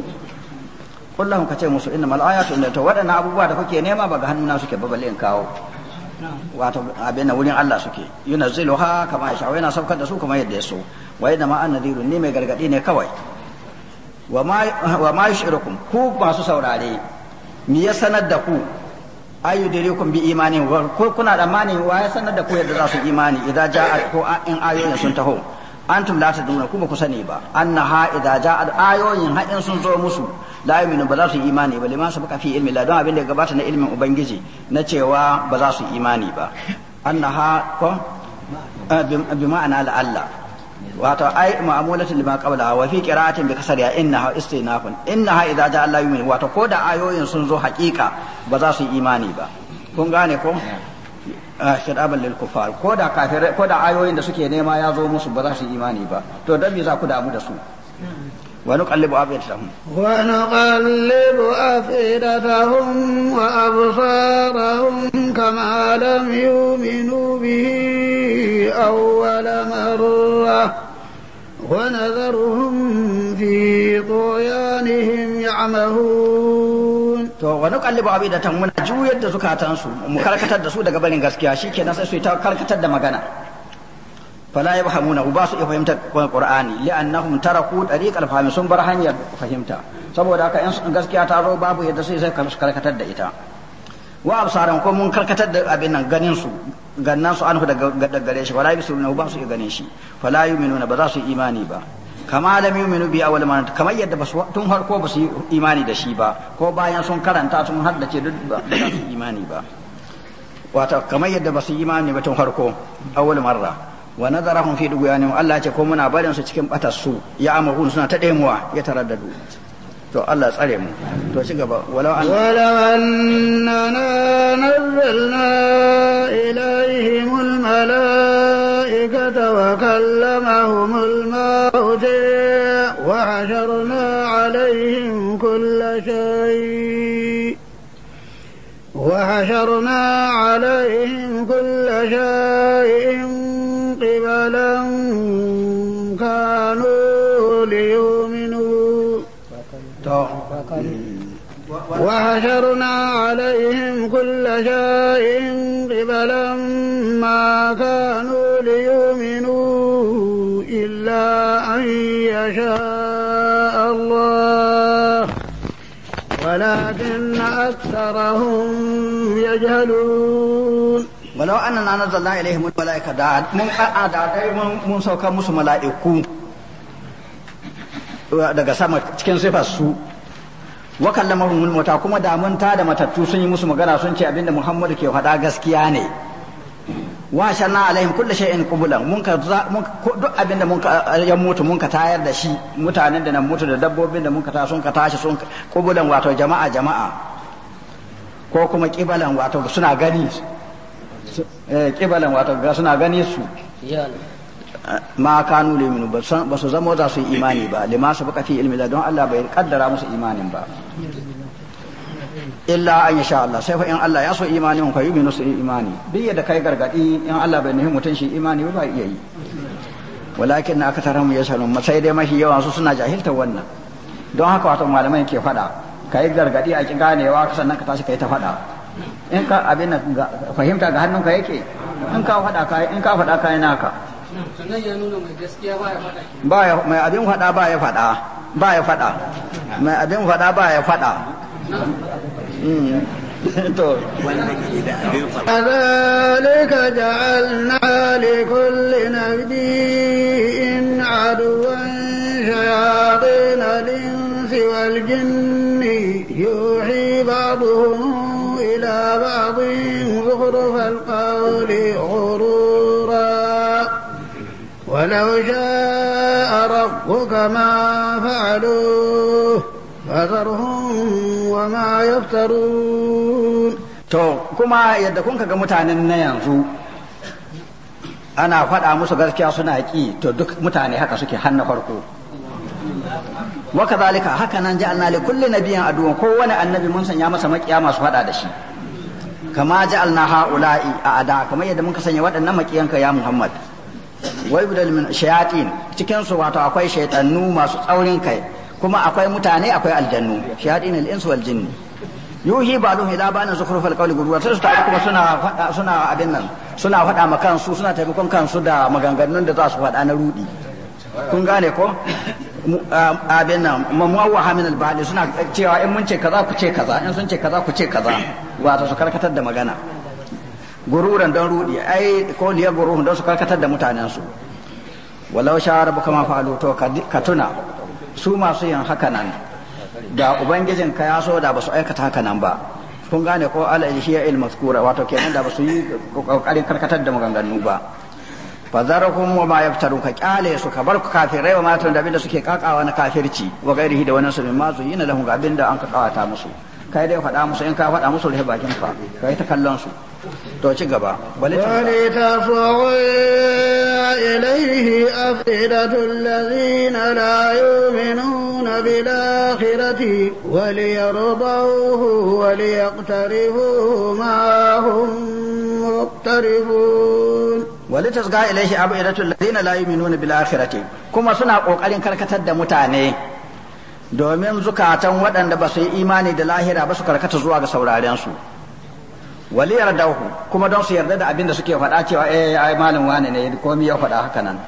kullum ka ce musu inna ayatu inda to waɗanda abubuwa da kuke nema ba ga hannuna suke ba in kawo wato abin wurin Allah suke yunazziluha kama sha wa yana saukar da su kuma yadda ya so wa inna na annadiru ne mai gargadi ne kawai wa ma yushrikum ku masu saurare mi ya sanar da ku kun bi imani ko kuna da mani wa ya sanar da ku yadda za su imani idza ja'at ko in ayoyin sun taho antum la taduna ku ba ku sani ba annaha idza ja'at ayoyin hadin sun zo musu la yu'minu ba za su imani ba liman sabaka fi ilmi la don abin da gabata na ilmin ubangiji na cewa ba za su imani ba annaha ko eh, bi ma'ana la'alla wato ai ma'amulatin lima qabla wa fi qira'atin bi kasar ya innaha istinafun innaha idza ja Allah yumin wato ko da ayoyin sun zo haƙiƙa ba za su yi imani ba kun gane ko shadaban ah, lil kufar ko da kafir ko da ayoyin da suke nema ya zo musu ba za su yi imani ba to dan me za ku damu da su ونقلب أفئدتهم ونقلب أفئدتهم وأبصارهم كما لم يؤمنوا به أول ونذرهم في طغيانهم يعمهون to wa nuqallibu abidatam muna juyar da zukatan mu karkatar da su daga barin gaskiya shikenan sai su ta karkatar da magana fala yafhamuna ba su iya fahimtar qur'ani li'annahum taraku tariqal fahmi sun bar hanyar fahimta saboda haka in gaskiya ta zo babu yadda sai sai karkatar da ita wa absaran ko mun karkatar da abin nan ganin su gannan su anhu daga gare shi wala yusiruna ba su iya ganin shi fala yu'minuna ba za su imani ba kama lam yu'minu bi awwal man kamar yadda basu tun harko ba su yi imani da shi ba ko bayan sun karanta sun haddace duk ba su imani ba wato kamar yadda basu yi imani ba tun harko awwal marra wa nazarahum fi dughyanihim Allah ya ce ko muna barin su cikin batar su ya amurun suna ta demuwa ya taraddadu to Allah tsare mu to ci gaba walau an walau annana nazzalna ilaihim almalaikata wa kallamahum almauta wa hasharna alaihim kull shay وحشرنا عليهم كل شيء قبلا وحشرنا عليهم كل شيء قبلا ما كانوا ليؤمنوا إلا أن يشاء الله ولكن أكثرهم يجهلون ولو أننا نزلنا إليهم الملائكة دعا من أعداء من سوكا مسو ملائكو daga sama cikin sifar su wa kallamahum mauta kuma da mun da matattu sun yi musu magana sun ce abinda Muhammadu ke faɗa gaskiya ne wa shanna alaihim kullu shay'in qubulan mun ka duk abinda mun ka ya mutu mun ka tayar da shi mutanen da nan mutu da dabbobin da mun ka ta sun ka tashi sun qubulan wato jama'a jama'a ko kuma kibalan wato suna gani kibalan wato suna gani su eh, ma kanu liminu ba su zama za su yi imani ba lima su baka fi ilmi don Allah bai kaddara musu imanin ba illa an yasha Allah sai fa in Allah ya so imanin fa yuminu su imani duk yadda kai gargadi in Allah bai nahi mutun shi imani ba iya yi walakin ya yashalun sai dai mashi yawan su suna jahilta wannan don haka wato malamai ke fada kai gargadi a kin ganewa sannan ka tashi kai ta fada in ka abin fahimta ga hannunka yake in ka fada kai in ka fada kai naka sannan ya nuna mai ba ya faɗa ba ya mai abin faɗa ba ya faɗa ba ya faɗa mai abin faɗa ba ya faɗa كذلك جعلنا لكل نبي عدوا شياطين الإنس والجن يوحي بعضهم إلى بعض زخرف القول غرورا ولو جاء ربك ما فعلوه فذرهم وما يفترون to kuma yadda kun ga mutanen na yanzu ana faɗa musu gaskiya suna ƙi to duk mutane haka suke hannu farko waka zalika haka nan ja'alna li kulli nabiyyin aduwan kowane annabi mun sanya masa makiya masu faɗa da shi kama alna ha'ula'i a ada kamar yadda muka sanya waɗannan makiyanka ya muhammad wa yubdal min shayatin cikin su wato akwai shaytanu masu tsaurin kai kuma akwai mutane akwai aljannu shayatin al-ins wal jinn yuhi ba'dhum ila ba'd zukhrufal qawli ghurwa sai su ta kuma suna suna abin nan suna faɗa ma kansu suna taimakon kansu da maganganun da za su faɗa na rudi kun gane ko abin nan mamuwa hamin albali suna cewa in mun ce kaza ku ce kaza in sun ce kaza ku ce kaza wato su karkatar da magana gururan don rudi ai ko liyar guruhu don su karkatar da mutanen su walau sha rabu kama fa'alu to ka tuna su masu yin haka nan da ubangijin ka ya so da ba su aikata haka nan ba kun gane ko ala ilhiya il maskura wato kenan da ba su yi kokarin karkatar da maganganu ba fazarahum wa ma yaftaru ka kyale su ka bar kafirai wa matan da abinda suke kakawa na kafirci wa gairihi da wannan su min ma zuyina lahum ga abinda an ka kawata musu kai dai faɗa musu in ka faɗa musu rahe bakin ka kai ta kallon su to ci gaba bale ta ilaihi afidatul ladzina la yu'minuna bil akhirati wa liyardahu wa liyaqtarifu ma hum muqtarifun wale tasga ilaihi afidatul ladzina la yu'minuna bil akhirati kuma suna kokarin karkatar da mutane domin zukatan waɗanda ba su yi imani da lahira ba su karkata zuwa ga sauraren su waliyar dauhu kuma don su yarda da abin da suke faɗa cewa eh ai malin wane ne komi ya faɗa haka nan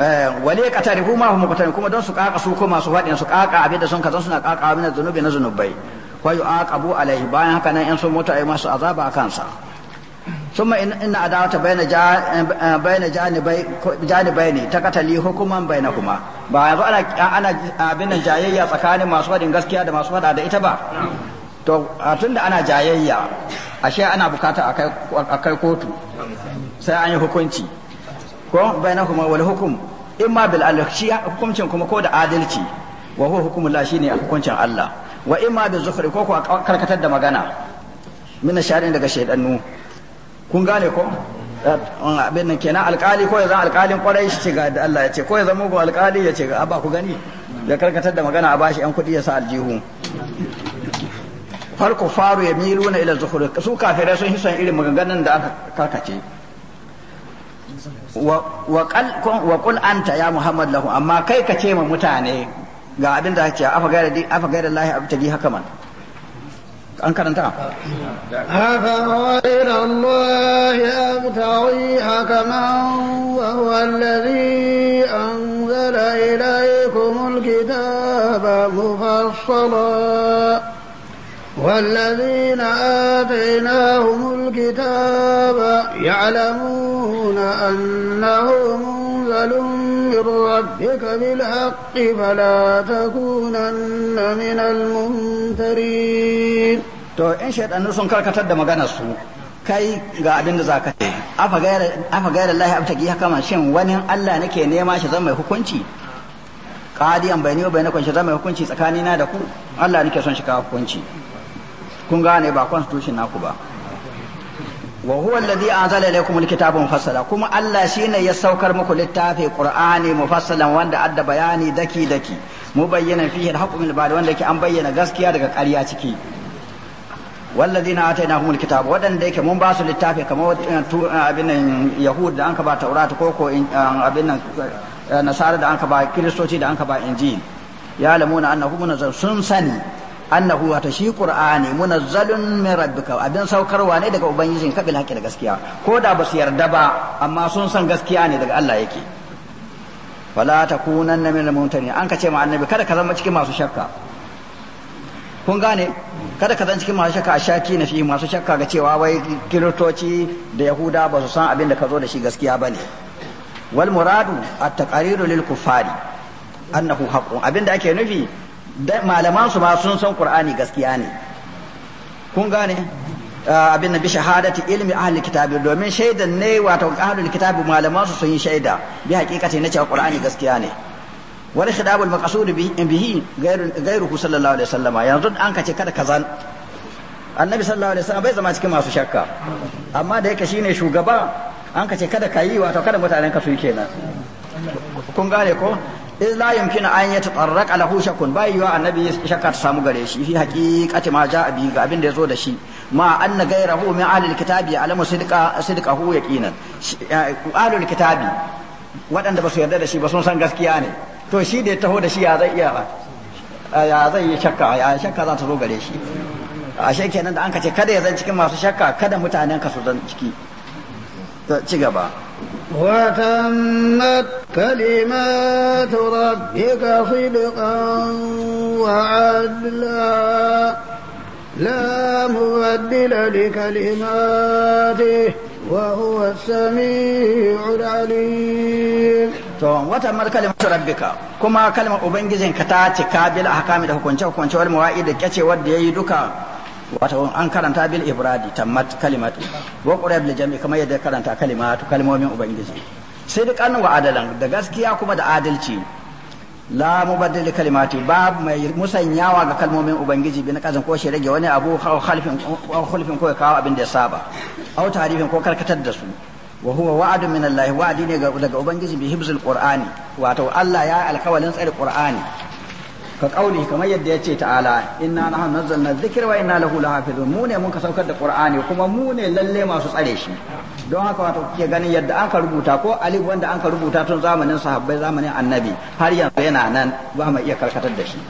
eh, wale ka tare ku ma mu kutane kuma don su kaka su kuma su faɗin su kaka abin da sun ka suna kaka abin da zunubi na zunubai wa aqabu alaihi bayan haka nan in sun mutu ai masu azaba a kansa ثم إن janibai janibai ne ta katali hukuman حكما kuma ba yanzu ana ana abin nan jayayya tsakanin masu faɗin gaskiya da masu faɗa da ita ba to tun da ana jayayya ashe ana bukata a kai kotu sai an yi hukunci ko kuma wani hukum ma bil alhi hukuncin kuma ko da adalci wa huwa ne shine hukuncin Allah wa ma bil zukhri ko kuwa karkatar da magana min sharin daga shaydannu kun gane ko abin nan kenan alkali ko ya zama alkalin kwarai shi ce ga Allah ya ce ko ya zama mugun alkali ya ce ga ba ku gani ya karkatar da magana a bashi yan kuɗi ya sa aljihu farko faru ya miluna ila zuhur su kafirai sun hisan irin maganganun da aka karkace wa qul anta ya muhammad lahu amma kai ka ce ma mutane ga abin da ake afa gaira afa gaira lahi abtagi haka man an karanta afa gaira allah abtagi haka man wa huwa alladhi anzala ilaykum alkitaba mufassala والذين آتيناهم الكتاب يعلمون أنه منزل من ربك بالحق فلا تكونن من الممترين to in shaɗannu sun karkatar da maganar su kai ga abin da za ka ce afa gaira ya abtaki hakaman shin wani Allah nake nema shi zama mai hukunci qadiyan bayani wa bainakum shi zama mai hukunci tsakanina da ku Allah nake son shi kawo hukunci kun gane ba constitution naku ba wa huwa alladhi anzala ilaykum alkitaba mufassala kuma Allah shine ya saukar muku littafi Qur'ani mufassalan wanda adda bayani daki daki mu bayyana fihi alhaqqu min al wanda yake an bayyana gaskiya daga ƙarya ciki walladhina atainahum alkitaba wadanda yake mun ba su littafi kamar eh, eh, abin yahud da anka ba taurat ko ko eh, abin nasara da anka ba kiristoci da anka ba injil ya lamuna annahu munazal sun sani annahu wata shi qur'ani munazzalun min rabbika abin saukarwa ne daga ubangijin ka bil haqqi da gaskiya ko da ba yarda ba amma sun san gaskiya ne daga Allah yake wala takunanna min al an ka ce ma annabi kada ka zama cikin masu shakka kun gane kada ka zama cikin masu shakka a shaki na fi masu shakka ga cewa wai kiristoci da yahuda ba su san abin da ka zo da shi gaskiya ba ne wal muradu at taqariru lil kuffari annahu haqqun abin da ake nufi malaman su ma sun san qur'ani gaskiya ne kun gane ah, abin na bi shahadati ilmi ahli kitabi domin shaidan ne wato ahli kitabi malaman su sun yi shaida bi haqiqati na cewa qur'ani gaskiya ne wani khidabul maqsud bihi gairuhu sallallahu alaihi wasallama yanzu an kace kada kazan annabi sallallahu alaihi wasallam bai zama cikin masu shakka amma da yake shine shugaba an kace kada kayi wato kada mutanen ka su yi kenan kun gane ko iz la yumkinu an ta lahu shakun bai yiwa annabi shakka ta samu gare shi fi haqiqati ma ja'a bi ga abin da yazo da shi ma anna ghayrahu min ahli alkitabi alamu sidqa sidqahu yaqinan ahli alkitabi waɗanda ba yarda da shi ba sun san gaskiya ne to shi da ya taho da shi zai iya shakka ya shakka za ta zo gare shi ashe kenan da an ka ce kada ya zan cikin masu shakka kada mutanen ka su zan ci gaba وتمت كلمات ربك صدقا وعدلا لا مبدل لكلماته وهو السميع العليم to wata mar kalimar rabbika kuma kalmar ubangijinka ta cika bil ahkami da hukunce hukunce wal mawaid da kace wanda yayi duka wato an karanta bil ibradi tammat kalimatu wa qurab bil jami kamar yadda karanta kalimatu kalmomin ubangiji sai da kanin wa adalan da gaskiya kuma da adalci la mubaddil kalimati babu mai musanyawa ga kalmomin ubangiji bin kazan ko shi rage wani abu khalfin khalfin ko kawo abin da ya saba au tarifin ko karkatar da su wa huwa wa'adun min wa'adi ne daga ubangiji bi hibzul qur'ani wato Allah ya alkawalin tsare qur'ani ka kauli kamar yadda ya ce ta'ala inna nahnu nazzalna dhikra wa inna lahu lahafizun mu ne muka saukar da qur'ani kuma mu ne lalle masu tsare shi don haka wato kuke ganin yadda an ka rubuta ko Ali wanda an ka rubuta tun zamanin sahabbai zamanin annabi har yanzu yana nan ba mu iya karkatar da shi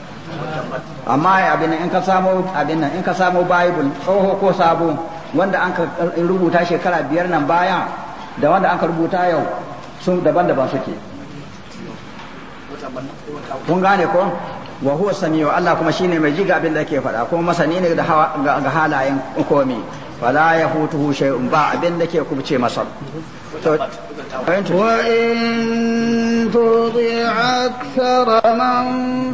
amma abin in ka samo abin nan in ka samo bible tsoho ko sabo wanda an ka rubuta shekara biyar nan baya da wanda an ka rubuta yau sun daban-daban suke kun gane ko wa huwa samiu Allah kuma shine mai ji ga abin da ke faɗa kuma masani ne ga halayen komi ya yahutuhu shay'un ba abin da yake kubce masa to wa in tudi akthar man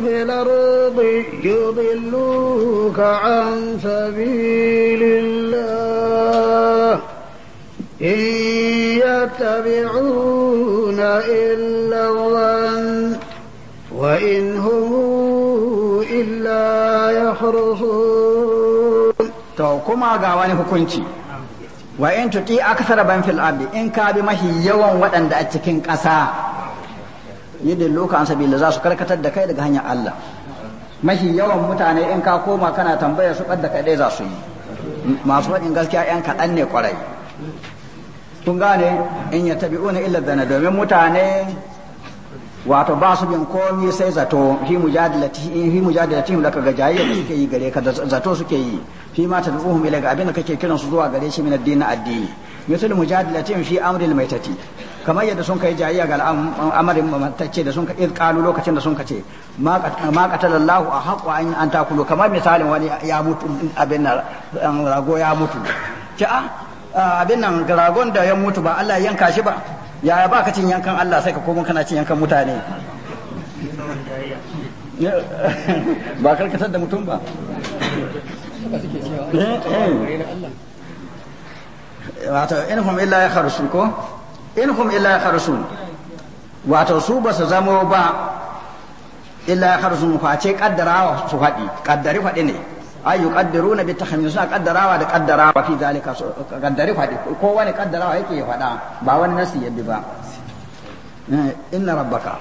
fil ardi yudilluka an sabilillah in yattabi'una il الرسول to kuma ga wani hukunci wa in tuti aksara ban fil ardi in ka bi mahi yawan waɗanda a cikin ƙasa luka an sabila za su karkatar da kai daga hanyar Allah mahi yawan mutane in ka koma kana tambaya su ɓadda kai za su yi masu faɗin gaskiya 'yan kaɗan ne kwarai kun gane in ya tabi'una illa dana domin mutane wato ba su bin komi sai zato fi mujadalati fi mujadalati laka ga jayya da suke yi gare ka zato suke yi fi ma tad'uhum ila abin da kake kiran su zuwa gare shi min addini addini misal mujadalati fi amri al-maitati kamar yadda sun kai jayya ga al'amarin mamantacce da sun kai qalu lokacin da sun ka ma qatala a haqqu an an takulu kamar misalin wani ya mutu abin rago ya mutu ce a ah, abin nan ragon da ya mutu ba Allah yanka shi ba yaya ba ka cin yankan Allah sai ka komo kana cin yankan mutane ba karkatar da mutum ba eh, eh. wato inhum illa ya kharusun ko inhum illa ya kharusun wato su ba su zamo ba illa ya kharsun face kaddara su faɗi kaddari faɗi ne ay yuqaddiruna bi tahmin suna kaddarawa da kaddarawa fi zalika qaddari fadi ko wani kaddarawa yake ya fada ba wani nasi yaddi ba eh, inna rabbaka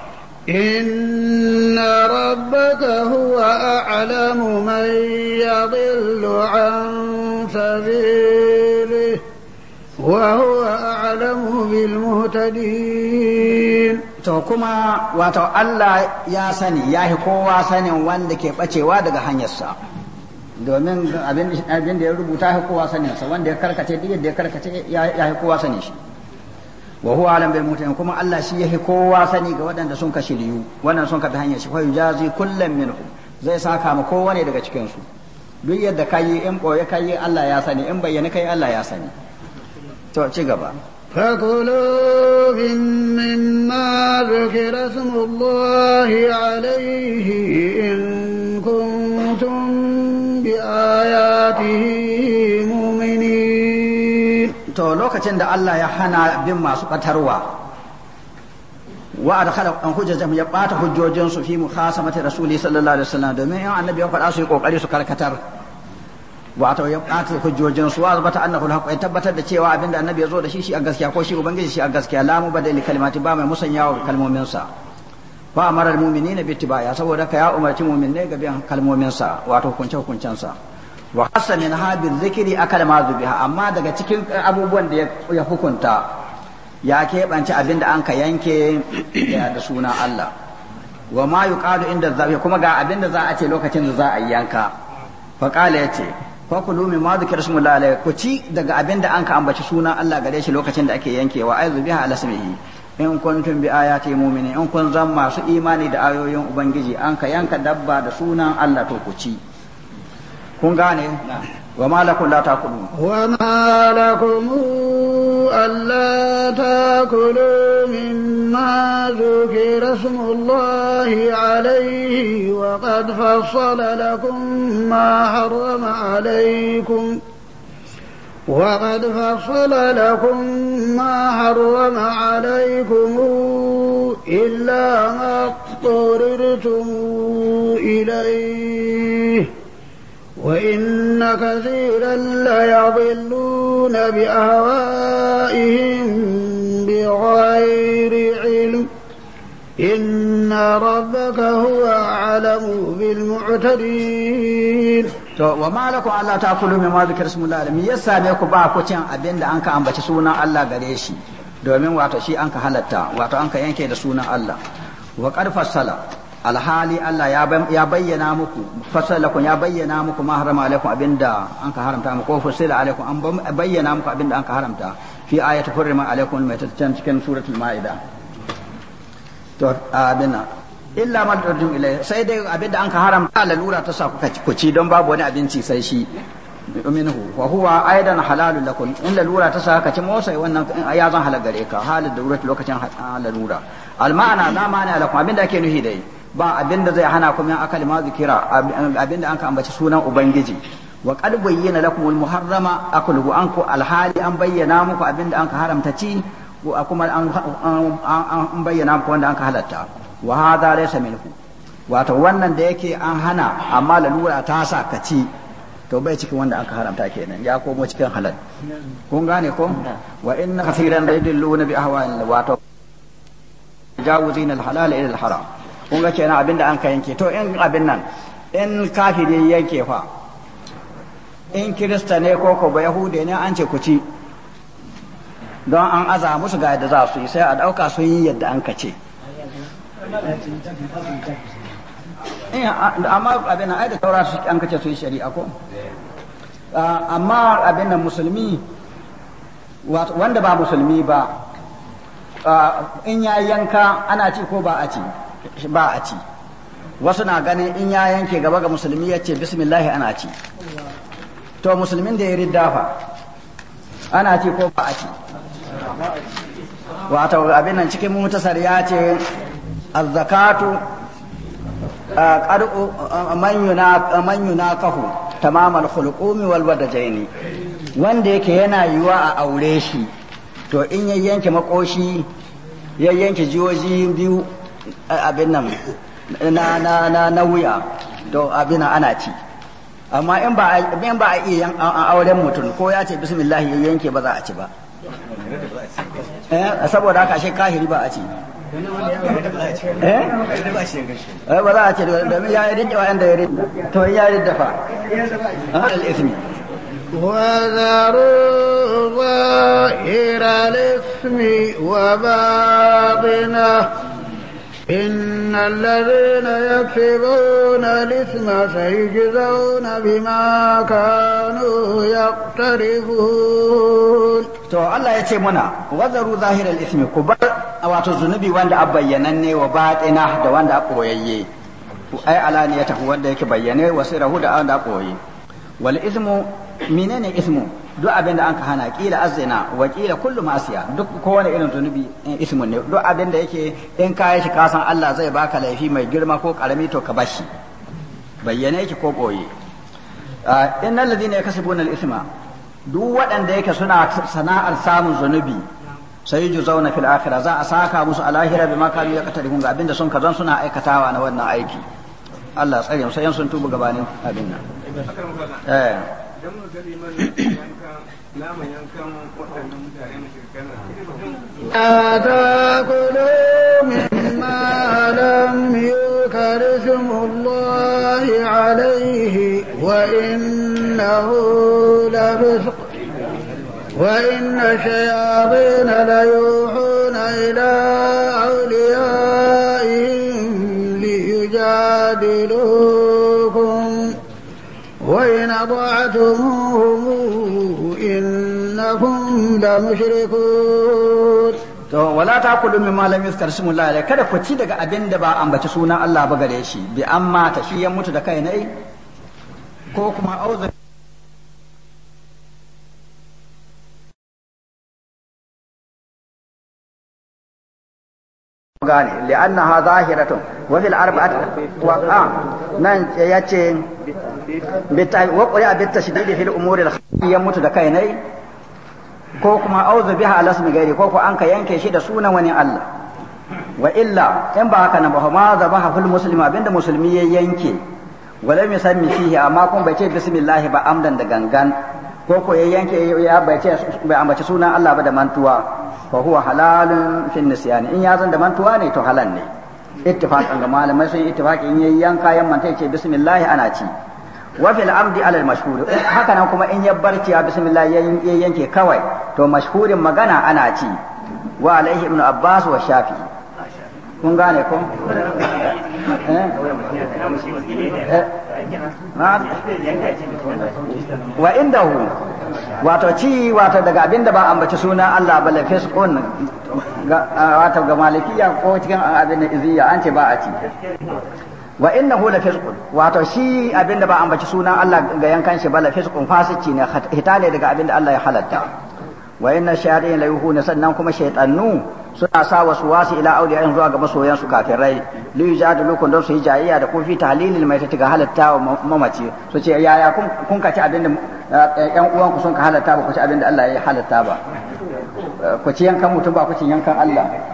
inna rabbaka huwa a'lamu man yadhillu an sabilihi wa huwa a'lamu bil muhtadin to kuma wato Allah ya sani ya kowa sanin wanda ke bacewa daga hanyarsa domin abin da ya rubuta ya kowa sani sa wanda ya karkace duk da ya karkace ya yi kowa sani. shi wa huwa alam bil mutin kuma Allah shi yake kowa sani ga waɗanda sun kashe liyu wannan sun kafi hanyar shi fa yujazi kullam minhum zai saka ma kowane daga cikin su duk yadda kai in boye kai Allah ya sani in bayyana kai Allah ya sani to ci gaba فكلوا مما ذكر اسم الله عليه إن كنتم بآياته مؤمنين to lokacin da Allah ya hana bin masu batarwa wa adkhala an hujjajam ya bata hujjojin su fi mukhasamati rasuli sallallahu alaihi wasallam domin in annabi ya faɗa su yi kokari su karkatar wato ya bata hujjojin su wa zubata annahu alhaq ya tabbatar da cewa abinda annabi ya zo da shi shi a gaskiya ko shi ubangiji shi a gaskiya lamu badal kalimati ba mai musanyawa kalmomin sa fa amara almu'minina bi ya saboda ka ya umarci mu'minai ga biyan kalmomin sa wato hukunce hukuncen sa wa hasan min hadhi dhikri akala ma biha amma daga cikin abubuwan da ya hukunta ya keɓance abin da an ka yanke da suna Allah wa ma yuqalu inda zabi kuma ga abin za a ce lokacin da za a yanka fa qala yace fa kulu min ma dhikra ismullahi alayhi ku ci daga abin an ka ambaci suna Allah gare shi lokacin da ake yankewa ai zubiha ala in kuntum bi ayati mu'minin in kun zan masu imani da ayoyin ubangiji an ka yanka dabba da sunan Allah to ku ci kun gane wa ma lakum la taqulun wa ma lakum alla taqulu mimma zukira smullahi alayhi wa qad fassala lakum ma harrama alaykum وقد فصل لكم ما حرم عليكم إلا ما اضطررتم إليه وإن كثيرا ليضلون بأهوائهم بغير علم إن ربك هو أعلم بالمعتدين to wa malakum Allah ta kulu mai ma zikr ismullah me yasa ne ku ba ku cin abin da ka ambaci sunan Allah gare shi domin wato shi an ka halatta wato an ka yanke da sunan Allah wa qad fassala alhali Allah ya bayyana muku ku ya bayyana muku ma harama alaikum abinda ka haramta muku ko fassala alaikum an bayyana muku abinda ka haramta fi ayatu hurrima alaikum ta cikin suratul maida to abina illa ma turjun ilai sai dai abinda an ka haramta lalura ta sa kuka ku don babu wani abinci sai shi minhu wa huwa aidan halalun lakum in lalura ta sa ka ci mosai wannan ya zan halal gare ka halal da lokacin ah, lalura al ma'ana da ma'ana lakum abinda ake nuhi dai ba abinda zai hana ku min akal ma zikira abinda an ka ambaci sunan ubangiji wa qad bayyana lakum al muharrama akuluhu anku al hali an bayyana muku abinda an ka haramta ci kuma an bayyana muku wanda an ka halatta wa hadha laysa minhu wato wannan da yake an hana amma lalura ta sa ka ci to bai cikin wanda aka haramta kenan ya komo cikin halal kun gane ko wa inna kaseeran la yudilluna bi ahwa'in wato jawuzin al halal ila al haram kun ga kenan abinda an ka yanke to in abin nan in kafiri yanke fa in kirista ne ko ko ba yahude ne an ce ku ci don an aza musu ga yadda za su yi sai a dauka sun yi yadda an ka ce Eh, amma abin ai da taura su an kace su yi shari'a ko ah, amma abin nan musulmi wanda ba musulmi ba ah, in ya yanka ana ci ko ba a ci ba a ci wasu na ganin in ya yanke gaba ga musulmi ya ce bismillahi ana ci to musulmin da ya riddafa ana ci ko ba a ci wato abin nan cikin mutasar ya ce الزكاة man yunakahu tamamal khulqumi wal wadajaini wanda yake yana yiwa a aure shi to in ya yanke makoshi ya yanke jiwoji biyu abin nan na na na na wuya to abin ana ci amma in ba in ba a iya auren mutum ko ya ce bismillah ya yanke ba za a ci ba saboda haka shi kahiri ba a ci eh ba za a ce domin ya yi ridda wa'anda ya ridda to ya yi ridda fa al ismi وذروا ظاهر الاسم وباطنه إن الذين يكسبون الإثم سيجزون بما كانوا يقترفون to Allah ya ce muna wazaru zahirar ismi ku bar wato zunubi wanda a bayyananne wa batina da wanda a koyayye ai alaniyata wanda yake bayyane wasu rahu da wanda a koyi wal ismu menene ismu duk abin da an ka hana kila azzina wa kila kullu masiya duk kowane irin zunubi eh, ismun ne duk abin da yake in kaya shi ka san Allah zai baka laifi mai girma ko karami to ka bashi bayyane yake ko boye ah, innal ladina yakasibuna al-ithma duk waɗanda yake suna sana'ar samun zunubi sai juzauna fil akhirah za a saka musu alahira bima kanu yaqtarihun ga abinda sun kazan suna aikatawa na wannan aiki Allah tsare mu sai sun tubu gabanin abin nan eh لا تاكلوا مما لم يذكر اسم الله عليه وإنه لفسق وإن الشياطين ليوحون إلى أوليائهم ليجادلوكم وإن أطعتموهم إنهم لمشركون to wala ta kulu min ma lam yuzkar ismu kada ku ci daga abin da ba ambaci suna Allah ba gare shi bi amma ta shi ya mutu da kai ne ko kuma auza gane wa fil arba'at wa ah, nan yace bi wa qura bi tashdid fil umuri al ya mutu da kai ne ko kuma auzu biha ala ismi ko ko an ka yanke shi da sunan wani Allah wa illa in ba haka na ba ma zabaha fil muslima abinda musulmi ya yanke wala mai san fihi amma kun bai ce bismillah ba amdan da gangan ko ko ya yanke ya bai ce bai ambaci sunan Allah ba da mantuwa fa huwa halalun fi nisyani in ya zan da mantuwa ne to halal ne ittifaqan ga malamai sun ittifaqi in yayi yanka yan manta ce bismillah ana ci wa fil amdi alal mashhur haka nan kuma in ya barci a bismillah ya yanke kawai to mashhurin magana ana ci wa alaihi ibn abbas wa shafi kun gane ko eh? Eh? Ah? wa indahu wato ci wato daga abin da ba ambaci suna Allah ba lafi su kun ah, wato ga malikiya ko cikin abin da iziya an ce ba a ci wa innahu la fisqun wato shi abinda ba ambaci sunan Allah ga yankan shi ba la fisqun fasici ne hita ne daga abinda Allah ya halatta wa inna shayatin la yuhuna sannan kuma shaytanu suna sa wasu wasu ila auliyahin zuwa ga masoyan su kafirai li yujadilukum don su yi da kun fi tahlilil mai ga halatta wa mamaci su ce yaya kun kun ci abinda eh, yan uwanku sun ka halatta ba ku ci abinda Allah ya halatta ba eh, ku ci yankan mutum ba ku ci yankan Allah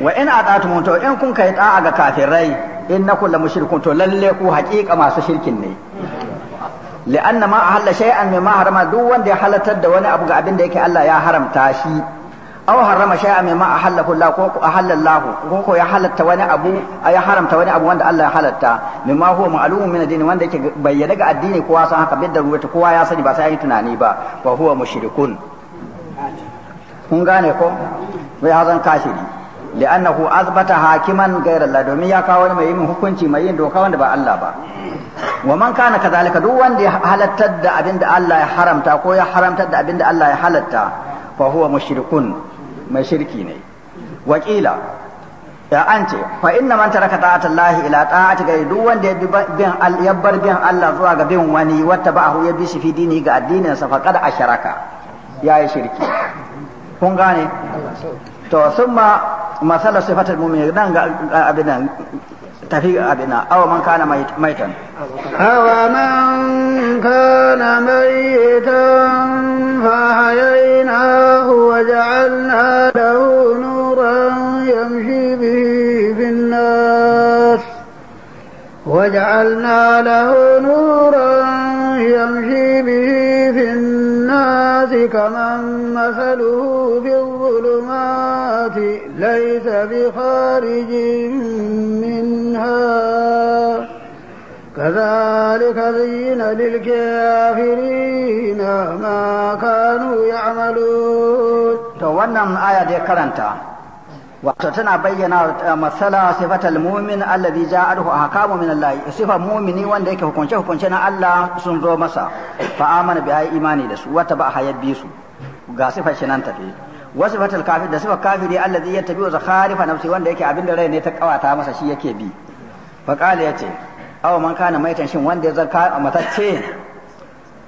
wa in atatu to in kun kai ta'a ga kafirai na la mushrikun to lalle ku haƙiƙa masu shirkin ne li'anna ma ahalla shay'an mimma harama duk wanda ya halatar da wani abu ga abin da yake Allah ya haramta shi aw harama shay'an mimma ahallahu Allah ko ahalla Allah ko ko ya halatta wani abu ya haramta wani abu wanda Allah ya halatta mimma huwa ma'lumun min addini wanda yake bayyana ga addini kowa san haka bidda ruwata kowa ya sani ba sai yi tunani ba wa huwa mushrikun kun gane ko wai hazan kashiri li'annahu azbata hakiman ghayra Allah domin ya kawo wani mai yin hukunci mai yin doka wanda ba Allah ba wa man kana kadhalika duk wanda ya halattar da abinda Allah ya haramta ko ya haramtar da abinda Allah ya halatta fa huwa mushrikun mai shirki ne wakila ya an ce fa inna man taraka ta'ata Allah ila ta'ati ghayri duk wanda ya bar bin Allah zuwa ga bin wani wata a ya bi shi fi dini ga addinin sa faqad asharaka yayi shirki kun gane to summa مثل صفات المؤمنين نعم آه، أبنا نعم، تفيق أبنا نعم، أو من كان ميتا أو من كان ميتا فحييناه وجعلنا له نورا يمشي به في الناس وجعلنا له نورا يمشي به الناس كمن مثله في الظلمات ليس بخارج منها كذلك زين للكافرين ما كانوا يعملون. تو wannan aya da karanta wato tana bayyana eh, masala sifatal mumin alladhi ja'alahu ahkamu min Allah sifar mumini wanda yake hukunce hukunce na Allah sun zo masa fa amana bi ayi imani da su wata ba hayar bi su ga sifar shi nan tafi wa sifatal kafir da sifar kafiri alladhi yattabi'u zakharifa nafsi wanda yake abinda rai ne ta kawata masa shi yake bi fa qala yace aw man kana maitan shin wanda ya zarka matacce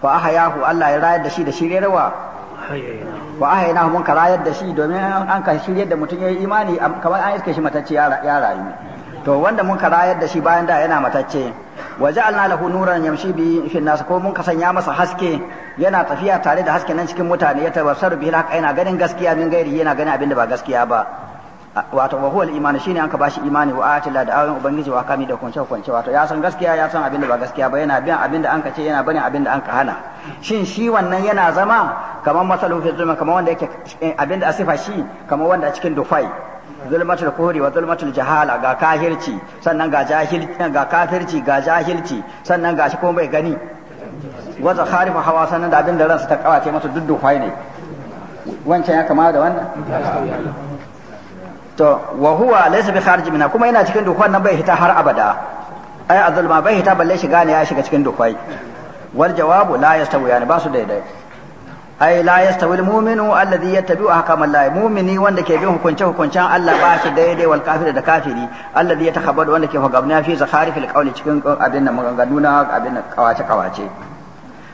fa ahayahu Allah ya rayar da shi da shi rawa. wa ahayna mun karayar da shi domin an ka shirye da mutum yi imani kamar an iske shi matacce ya rayu to wanda mun karayar da shi bayan da yana matacce wa ja'alna lahu nuran yamshi bi fi nas ko mun kasanya masa haske yana tafiya tare da hasken nan cikin mutane ya tabassaru bi haka yana ganin gaskiya min gairi yana ganin abin da ba gaskiya ba wato wa huwal imani shine an ka bashi imani wa ayatilla da ayoyin ubangiji wa kami da kunce kunce wato ya san gaskiya ya san abin da ba gaskiya ba yana bin abin da an ka ce yana bane abin da an ka hana shin shi wannan yana zama kamar masalun fi zulma kamar wanda yake abin da asifa shi kamar wanda a cikin dufai zulmatul kuhri wa zulmatul jahala ga kahirci sannan ga jahilci ga kafirci ga jahilci sannan ga shi kuma bai gani wa zakharifu hawa sannan da abin da ransa ta kawace masa duk dufai ne wancan ya kama da wannan to wa huwa laysa bi kharij minha kuma yana cikin dukwan nan bai hita har abada ai azulma bai hita balle shiga ne ya shiga cikin dukwai wal jawabu la yastawi yani ba su daidai ai la yastawi al mu'minu alladhi yattabi'u ahkam Allah mu'mini wanda ke bin hukunce hukuncen Allah ba shi daidai wal kafir da kafiri alladhi yatakhabbadu wanda ke hugabna fi zakharif al qawli cikin abin nan maganganu na abin nan kawace kawace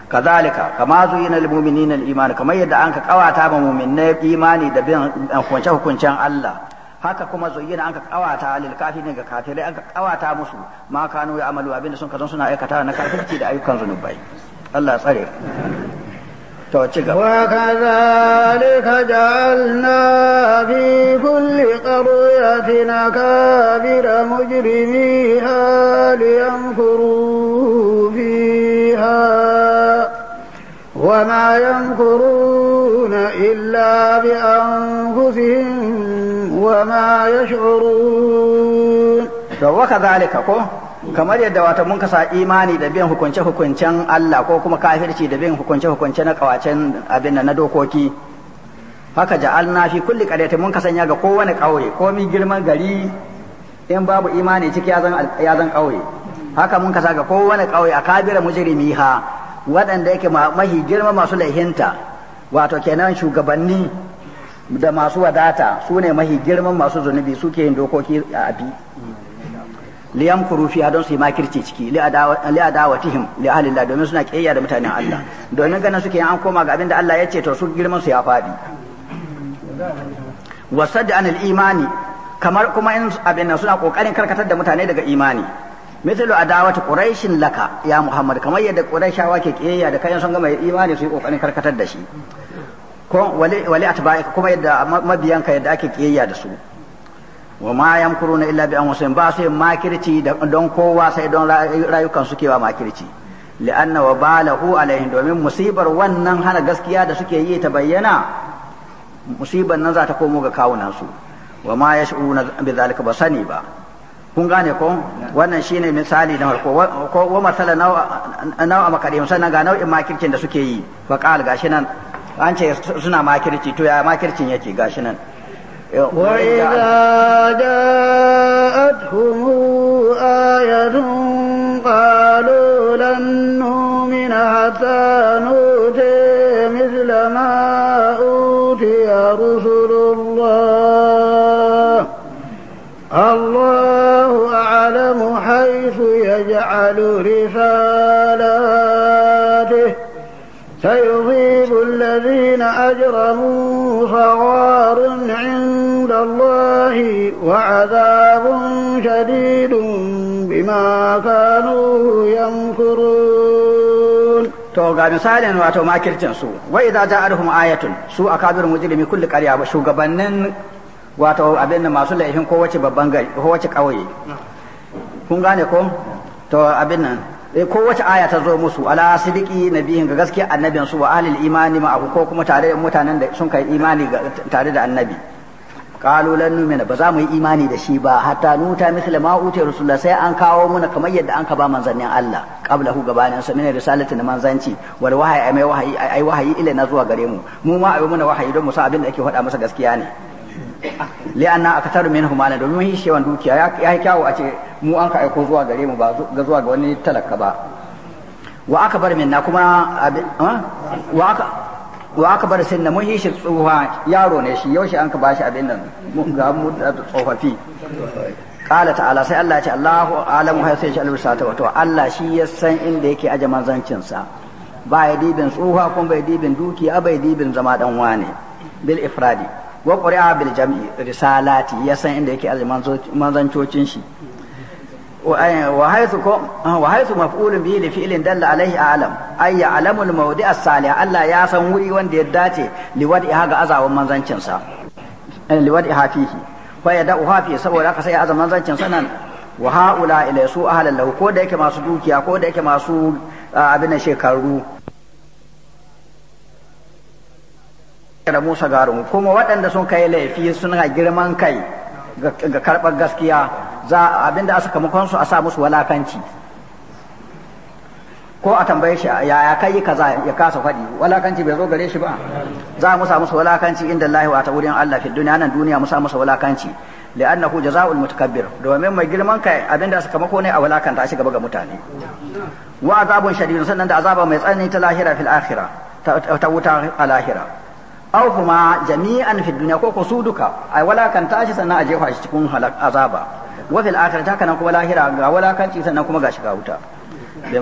kazalika kama zuyina lil mu'minina al iman kamar yadda an ka kawata ma mu'minai imani da bin hukunce hukuncen Allah haka kuma an ka kawata lil kafirin ga kafirai ka kawata musu ma kanu ya amalu abinda sun kazan suna aikata na kafirci da ayyukan zunubai Allah tsare to ci gaba wa kadhalika ja'alna fi kulli qaryatin kabira mujrimiha liyamkuru fiha وما يمكرون إلا بأنفسهم وما يشعرون وكذلك ko kamar yadda wata mun kasa imani da bin hukunce-hukuncen Allah ko kuma kafirci da bin hukunce-hukunce na kawacen abin na dokoki haka ja'alna fi kulli qaryatin mun kasanya ga kowane kauye komi girman gari in babu imani ciki ya zan ya zan kauye haka mun kasa ga kowane kauye akabira mujrimiha waɗanda yake mahi girma masu laihinta wato kenan shugabanni da masu wadata su ne mahi girman masu zunubi suke yin dokoki a abi liyam kurufiya don su yi makirci ciki li'adawatihim li ahlillah domin suna kiyayya da mutanen Allah domin ganin suke an koma ga abin da Allah ya ce to su girman su ya faɗi wasad anil imani kamar kuma in abin nan suna kokarin karkatar da mutane daga imani mithlu adawati quraishin laka ya muhammad kamar yadda quraishawa ke kiyayya da kayan sun gama imani su yi kokarin karkatar da shi ko wali atba'ika kuma yadda mabiyanka yadda ake kiyayya da su wa ma yamkuruna illa bi anfusihim ba su makirci don kowa sai don rayukan su kewa makirci li'anna wa balahu alaihim domin musibar wannan hana gaskiya da suke yi ta bayyana musibar nan za ta komo ga kawunan su wa ma yash'una bi zalika ba sani ba kun gane ko wannan shine misali na farko ko wa masala nawa nawa makarim sannan ga nau'in makircin da suke yi fa qal gashi nan an ce suna makirci to ya makircin yake gashi nan وإذا جاءتهم آية قالوا لن نؤمن حتى نؤتي مثل ما أوتي رسل الله الله أعلم حيث يجعل رسالته أجرموا صغار عند الله وعذاب شديد بما كانوا يمكرون to ga misalin wato makircin su wa idza ja'alhum ayatun su akabir mujrimi kulli qarya shugabannin wato abin masu laifin kowace babban gari kowace kauye kun gane ko to abin nan Eh, ko wace aya ta zo musu ala sidiki nabiyin ga gaskiya annabin su wa ahlil imani ma ko kuma tare da mutanen da sun kai imani tare da annabi qalu lan nu'mina ba za mu yi imani da shi ba hatta nuta misla ma utiya rasulullah sai an kawo muna kamar yadda an ka ba manzannin Allah qablahu gabanin sa min risalatu na manzanci wal wahayi mai wahayi ai wahayi ila na zuwa gare mu mu ma ai muna wahayi don mu sa abin da ake faɗa masa gaskiya ne li'anna aktaru minhum ala domin shi yawan dukiya ya kyawo a ce mu an ka aiko zuwa gare mu ba ga zuwa ga wani talaka ba wa aka bar minna kuma ah? wa aka wa aka bar sinna mun yi shi tsuha yaro ne shi yau shi an ka bashi abin nan mun ga mu da tsofaffi qala ta'ala sai Allah ya ce Allahu alamu hay sai shi al ta wato Allah shi ya san inda yake aje manzancin sa ba ya dibin tsuha kuma bai dibin dukiya bai dibin zama dan wane bil ifradi wa qur'a bil jam'i risalati ya san inda yake aje manzancocin shi وحيث وحيث مفعول به لفعل دل عليه اعلم اي يعلم Allah ya san wuri wanda ya dace يداتي ha ga azawan manzancin sa fa فيه فيدعها fi saboda haka sai azaman manzancin sa nan wa haula ila su ahlan lahu ko da yake masu dukiya ko da yake masu ah, abin shekaru da Musa garu kuma waɗanda sun kai laifi suna girman kai ga karɓar gaskiya za abinda aka kamakon su a sa musu walakanci ko a tambaye shi ya kai kaza ya kasa faɗi walakanci bai zo gare shi ba za mu sa musu walakanci inda Allah wa ta wurin Allah fi duniya nan duniya mu sa musu walakanci li'annahu jazaa'ul mutakabbir domin mai girman kai abinda suka mako ne a walakanta shi gaba ga mutane wa azabun shadidun sannan da azaba mai tsanani ta lahira fil akhirah ta wuta a lahira aw kuma jami'an fi duniya ko ku su duka ai walakanta shi sannan a jefa shi cikin azaba wa fil akhirati haka nan kuma lahira ga walakanci sannan kuma ga shiga wuta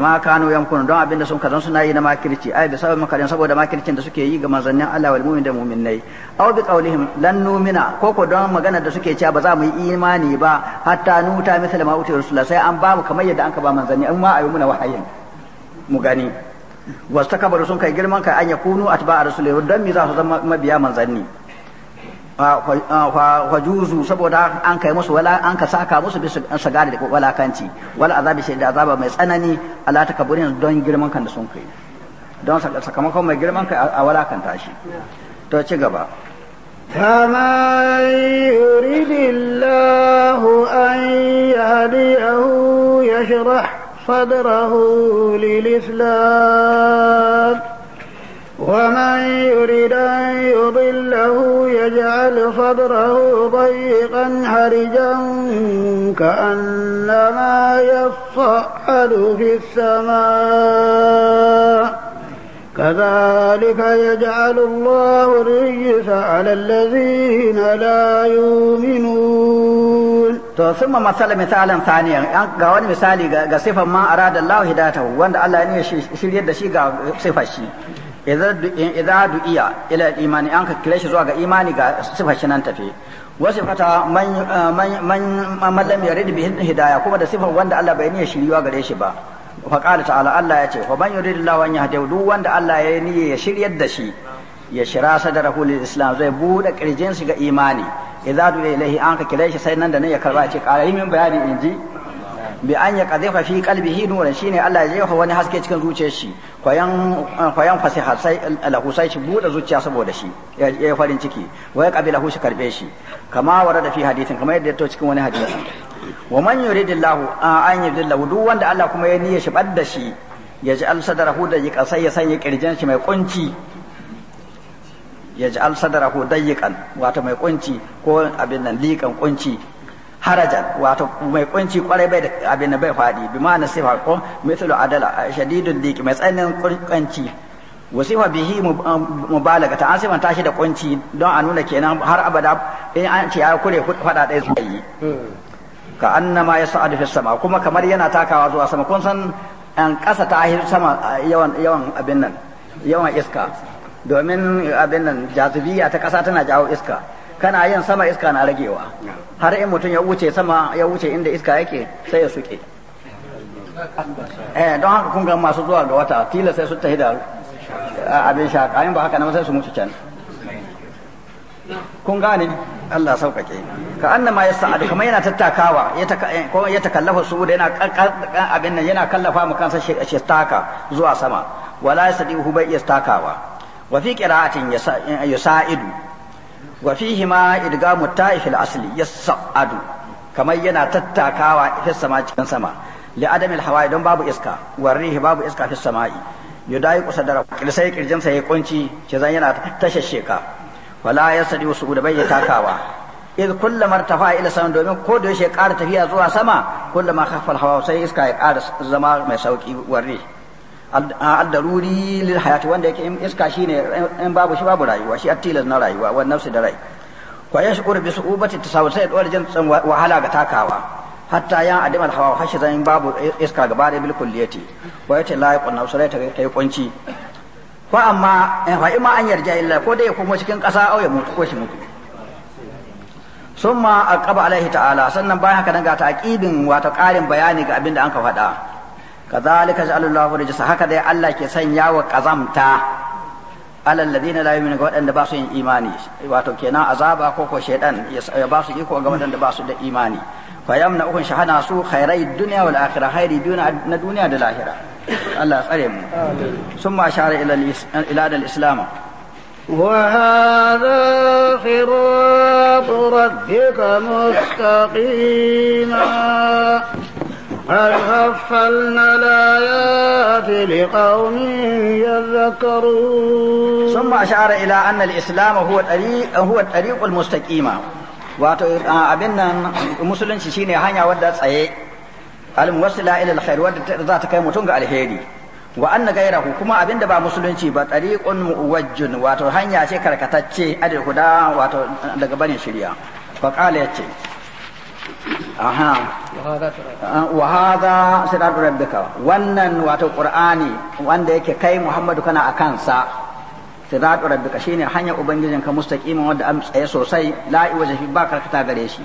ma kano yankunu don abinda sun kazan suna yi na makirci ai bi sababin makarin saboda makircin da suke yi ga manzannin Allah wal mu'min da mu'minnai aw bi qawlihim lan numina ko don magana da suke cewa ba za mu yi imani ba hatta nuta misal ma uti rasulullah sai an ba mu kamar yadda an ka ba manzanni an ma ayi muna wahayin mu gani kabaru sun kai girman kai an yakunu atba'a rasulullah dan mi za su zama mabiya manzanni Ah, fa juzu saboda an kai musu wala an ka saka musu bisa sagari da walakanci wala azabi shi da azaba mai tsanani ala takabburin don girman kan da sun kai don sakamakon mai girman kai a wala kan tashi to ci gaba فمن يريد الله أن يهديه يشرح صدره للإسلام ومن يرد أن يضله يجعل صدره ضيقا حرجا كأنما يصعد في السماء كذلك يجعل الله الرجس على الذين لا يؤمنون to sun ma matsala misalan saniyan ga wani misali ga sifan ma arada Allah hidatahu wanda Allah ne ya da shi ga sifar shi idza du'iya ila imani an ka kire shi zuwa ga imani ga sifar shi nan tafi wasu fata man lam yarid bi hidaya kuma da sifar wanda Allah bai niyya shiriwa gare shi ba fa qala ta'ala Allah ya ce fa man yurid Allah an yahdihi duk wanda Allah ya niyya ya shiryar da shi ya shira sadarahu lil islam zai bude kirjin shi ga imani idza du'iya ilahi an ka kire shi sai nan da nan ya karba ya ce qala min bayani inji bi an ya qadhifa fi qalbihi nuran shine Allah ya jefa wani haske cikin zuciyar shi kwayan kwayan fasiha sai lahu shi bude zuciya saboda shi ya yi farin ciki wa ya qabilahu shi karbe shi kama da fi hadithin kama yadda to cikin wani hadisi wa man yuridillahu an yudillahu duk wanda Allah kuma ya niyya shi badda shi ya ji al sadrahu da yi kasai ya sanya kirjin shi mai kunci ya ji al sadrahu dayyikan wato mai kunci ko abin nan likan kunci harajan wato mai kunci kwarai bai da abin bai fadi bi ma'ana sifa ko mithlu adala shadidul dik mai tsananin kunci wasifa bihi mubalaga ta an ta shi da kunci don a nuna kenan har abada in an ce ya kure fada dai zai yi ka annama ya sa'adu fi sama kuma kamar yana takawa zuwa sama kun san an kasa ta ahir sama yawan yawan abin nan yawan iska domin abin nan jazibiya ta kasa tana jawo iska kana yin sama iska na ragewa har in mutum ya wuce sama ya wuce inda iska yake sai ya suke eh don haka kun ga masu zuwa ga wata tila sai su tafi da abin shaka ayin ba haka nan sai su mutu can kun gane Allah sauƙaƙe ka annama ya sa'adu kamar yana tattakawa eh, ko ya takallafa su da yana abin nan yana kallafa mu kansa shi taka zuwa sama wala yasdihu bai yastakawa wa fi qira'atin yusa'idu wa fihi ma idgamu ta'if al-asli yas'adu kamar yana tattakawa fi sama cikin sama li adami al-hawa'i don babu iska wa rihi babu iska fi sama'i yudai kusadara sai kirjin sa ya kunci ce zan yana tashar ka wala yasdi wasu da bai takawa idh kullama irtafa ila sama domin ko da ya ƙara tafiya zuwa sama kullama khaffal hawa sai iska ya ƙara zama mai sauki warri. ad-daruri lil hayati wanda yake in iska shine in babu shi babu rayuwa shi at na rayuwa wa nafsi da rai wa yash'ur bi su'ubati tasawusai da wajen wahala ga takawa hatta ya adim al-hawa hashi zan babu iska gaba da bil kulliyati wa yata la yaqun nafsai ta kai kunci ko amma in eh, fa imma an yarja illa ko dai ya komo cikin ƙasa au ya mutu ko shi mutu summa aqaba alaihi ta'ala sannan bayan haka dan ga ta'qibin wato ƙarin bayani ga abin da an ka faɗa kadhalika ja'alallahu rijsa haka dai Allah ke sanya wa kazamta alal ladina la yu'minu waɗanda ba su yin imani wato kenan azaba ko ko shaydan ya ba su iko ga waɗanda ba su da imani fa yamna ukun shahana su khairai dunya wal akhirah khairi na duniya da lahira Allah tsare mu summa ashara ila ila al-islam وهذا صراط ربك مستقيما هل غفلنا الآيات لقوم يذكرون ثم أشار إلى أن الإسلام هو الطريق هو الطريق المستقيم wato abin nan musulunci shine hanya wadda tsaye almuwassila ila alkhair wadda za ta kai mutum ga alheri wa anna gairahu kuma abin da ba musulunci ba tariqun muwajjun wato hanya ce karkatacce adil huda wato daga barin shirya fa qala yace aha wa hadha siratu rabbika wannan wato qur'ani wanda yake kai muhammadu kana a kansa siratu rabbika shine hanya ubangijin ka mustaqimin wanda an tsaye sosai la iwaja fi ba karkata gare shi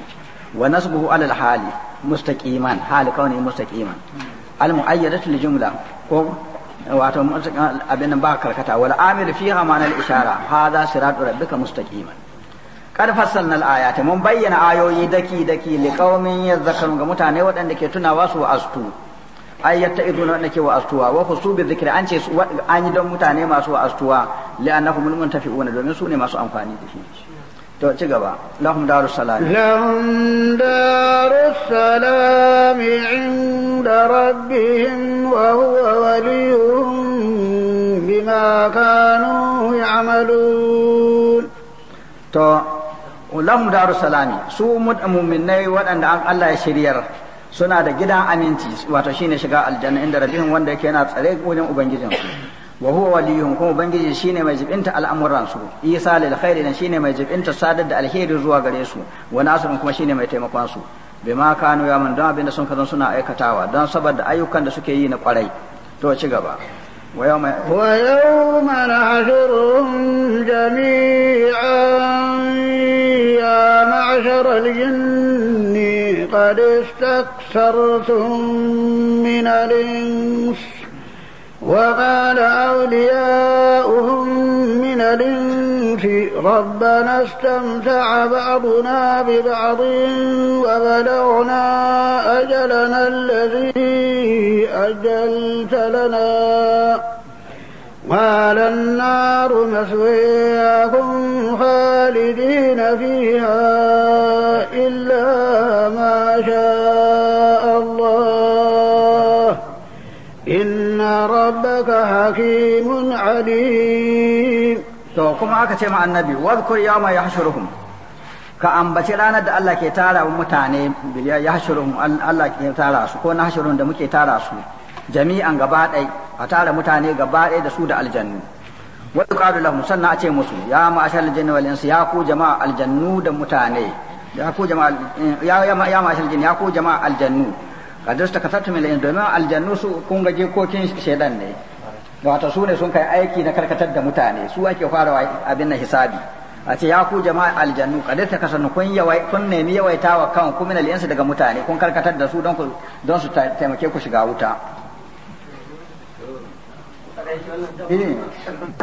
wa nasbuhu alal hali mustaqiman hali kauni mustaqiman al muayyadatu li jumla ko wato abin ba karkata wal amil fiha ma'anal ishara hadha siratu rabbika mustaqiman qad fassalna al mun bayyana ayoyi daki daki li qaumin yadhakkarun ga mutane waɗanda ke tunawa su astu ay yattaiduna waɗanda ke wa'astuwa wa su bi dhikri an ce an yi don mutane masu wa'astuwa li annahum muntafi'una domin su ne masu amfani da shi to ci gaba lahum darus salam lahum darus salam inda rabbihim wa huwa waliyuhum bima kanu ya'malun to lahum daru salami su mu'minai waɗanda Allah ya shiryar suna da gidan aminci wato shine shiga aljanna inda rabihim wanda yake yana tsare wajen ubangijin su wa huwa waliyuhum kuma ubangiji shine mai jibinta al'amuran su isa lil khairi dan shine mai jibinta sadar da alheri zuwa gare su wa nasrun kuma shine mai taimakon su bima kanu ya man don abinda sun kazan suna aikatawa don saboda ayyukan da suke yi na kwarai to ci gaba ويوم ويوم نحشرهم جميعا يا معشر الجن قد استكثرتم من الإنس وما لأولياؤهم من الإنس ربنا استمتع بعضنا ببعض وبلغنا أجلنا الذي أجلت لنا قال النار مسوياكم خالدين فيها إلا ما شاء ربك حكيم عليم to kuma aka ce ma annabi wadhkur yawma yahshuruhum ka ambace ranar da Allah ke tara mutane biliya yahshuruhum Allah ke tara su ko nahshuruhum da muke tara su jami'an gaba ɗai a tara mutane gaba ɗai da su da aljannu wadu yuqalu lahum sannan a ce musu ya ma'ashal jinni wal insi ya ku jama'a aljannu da mutane ya ku jama'a ya ya ma'ashal jinni ya ku jama'a aljannu kadus ta kasarta da la'in domin aljannu su kun ga jikokin shaidan ne wato su ne sun kai aiki na karkatar da mutane su ake fara abin na hisabi a ce ya ku jama'a aljannu kadus ka sanu kun yawai kun nemi yawaita wa kan ku min al'insu daga mutane kun karkatar da su don ku don su taimake ku shiga wuta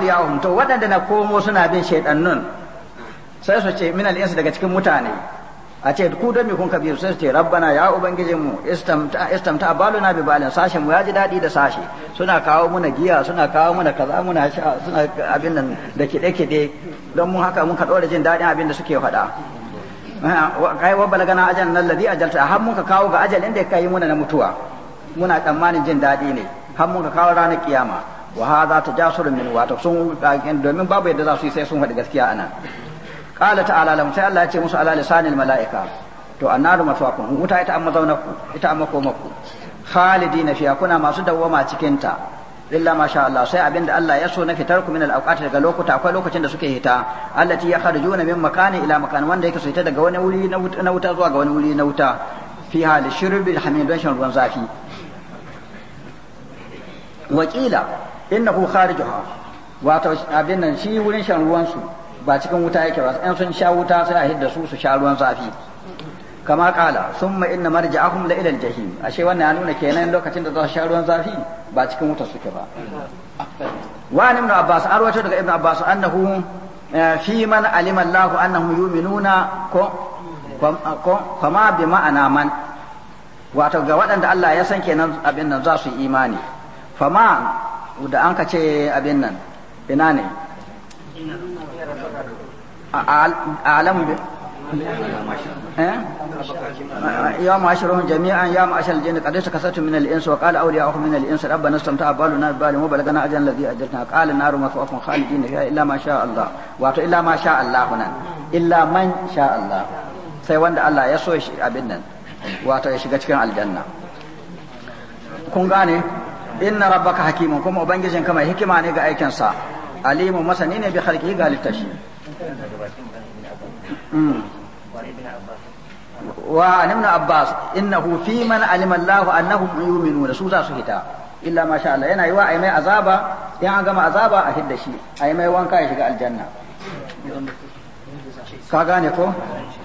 ya to waɗanda na komo suna bin shaidannun sai su ce min al'insu daga cikin mutane a ce ku da mai kun kabiru sun ce rabbana ya ubangijin mu istamta istamta baluna bi balin sashen mu ya ji daɗi da sashe suna kawo muna giya suna kawo muna kaza muna sha suna abin nan da kide kide don mu haka mun ka dora jin daɗin abin da suke faɗa kai wa balagana ajal nan ladhi ajalta har ka kawo ga ajalin da kai muna na mutuwa muna tsammanin jin daɗi ne har ka kawo ranar kiyama wa hadha tajasurun min wato sun domin babu yadda za su yi sai sun faɗi gaskiya anan qala ta'ala lam sai Allah ya ce musu ala lisanil mala'ika to annaru maswakun wuta ita an mazaunarku ita an makomarku khalidina fiha kuna masu dawwama cikin ta illa masha Allah sai abin Allah ya so na fitar ku min al daga lokuta akwai lokacin da suke hita allati ya kharujuna min makani ila makan wanda yake so hita daga wani wuri na wuta zuwa ga wani wuri na wuta fiha li don shan ruwan zafi wakila abin nan shi wurin shan su ba cikin wuta yake ba in sun sha wuta sai a hidda su su sha ruwan zafi kama kala summa inna marja'ahum la ila jahim ashe wannan ya nuna kenan lokacin da za su sha ruwan zafi ba cikin wuta suke ba wa ibn abbas an rawaito daga ibn abbas annahu eh, fi man alima Allahu annahum yu'minuna ko ko fama bi ma'ana man wato ga waɗanda Allah ya san kenan abin nan za su yi imani fama da an ka ce abin nan ina ne أعلم ب... يا معشرهم جميعا يا معشر الجن قد استكثرتم من الانس وقال اولياؤكم من الانس ربنا استمتع بالنا ببال وبلغنا اجل الذي اجلتنا قال النار مثواكم خالدين فيها الا ما شاء الله واتو الا ما شاء الله هنا الا من شاء الله sai wanda Allah ya so shi abin nan wato ya shiga cikin aljanna kun gane inna rabbaka hakimun kuma ubangijin mai hikima ne ga aikinsa alimu masani ne bi khalqihi ga littashi Hmm. wa ibn abbas innahu fi man alima allah annahum yu'minuna su za su hita illa masha Allah yana yi wa ai mai azaba in an gama azaba a hidda shi ai mai wanka ya shiga aljanna ka gane ko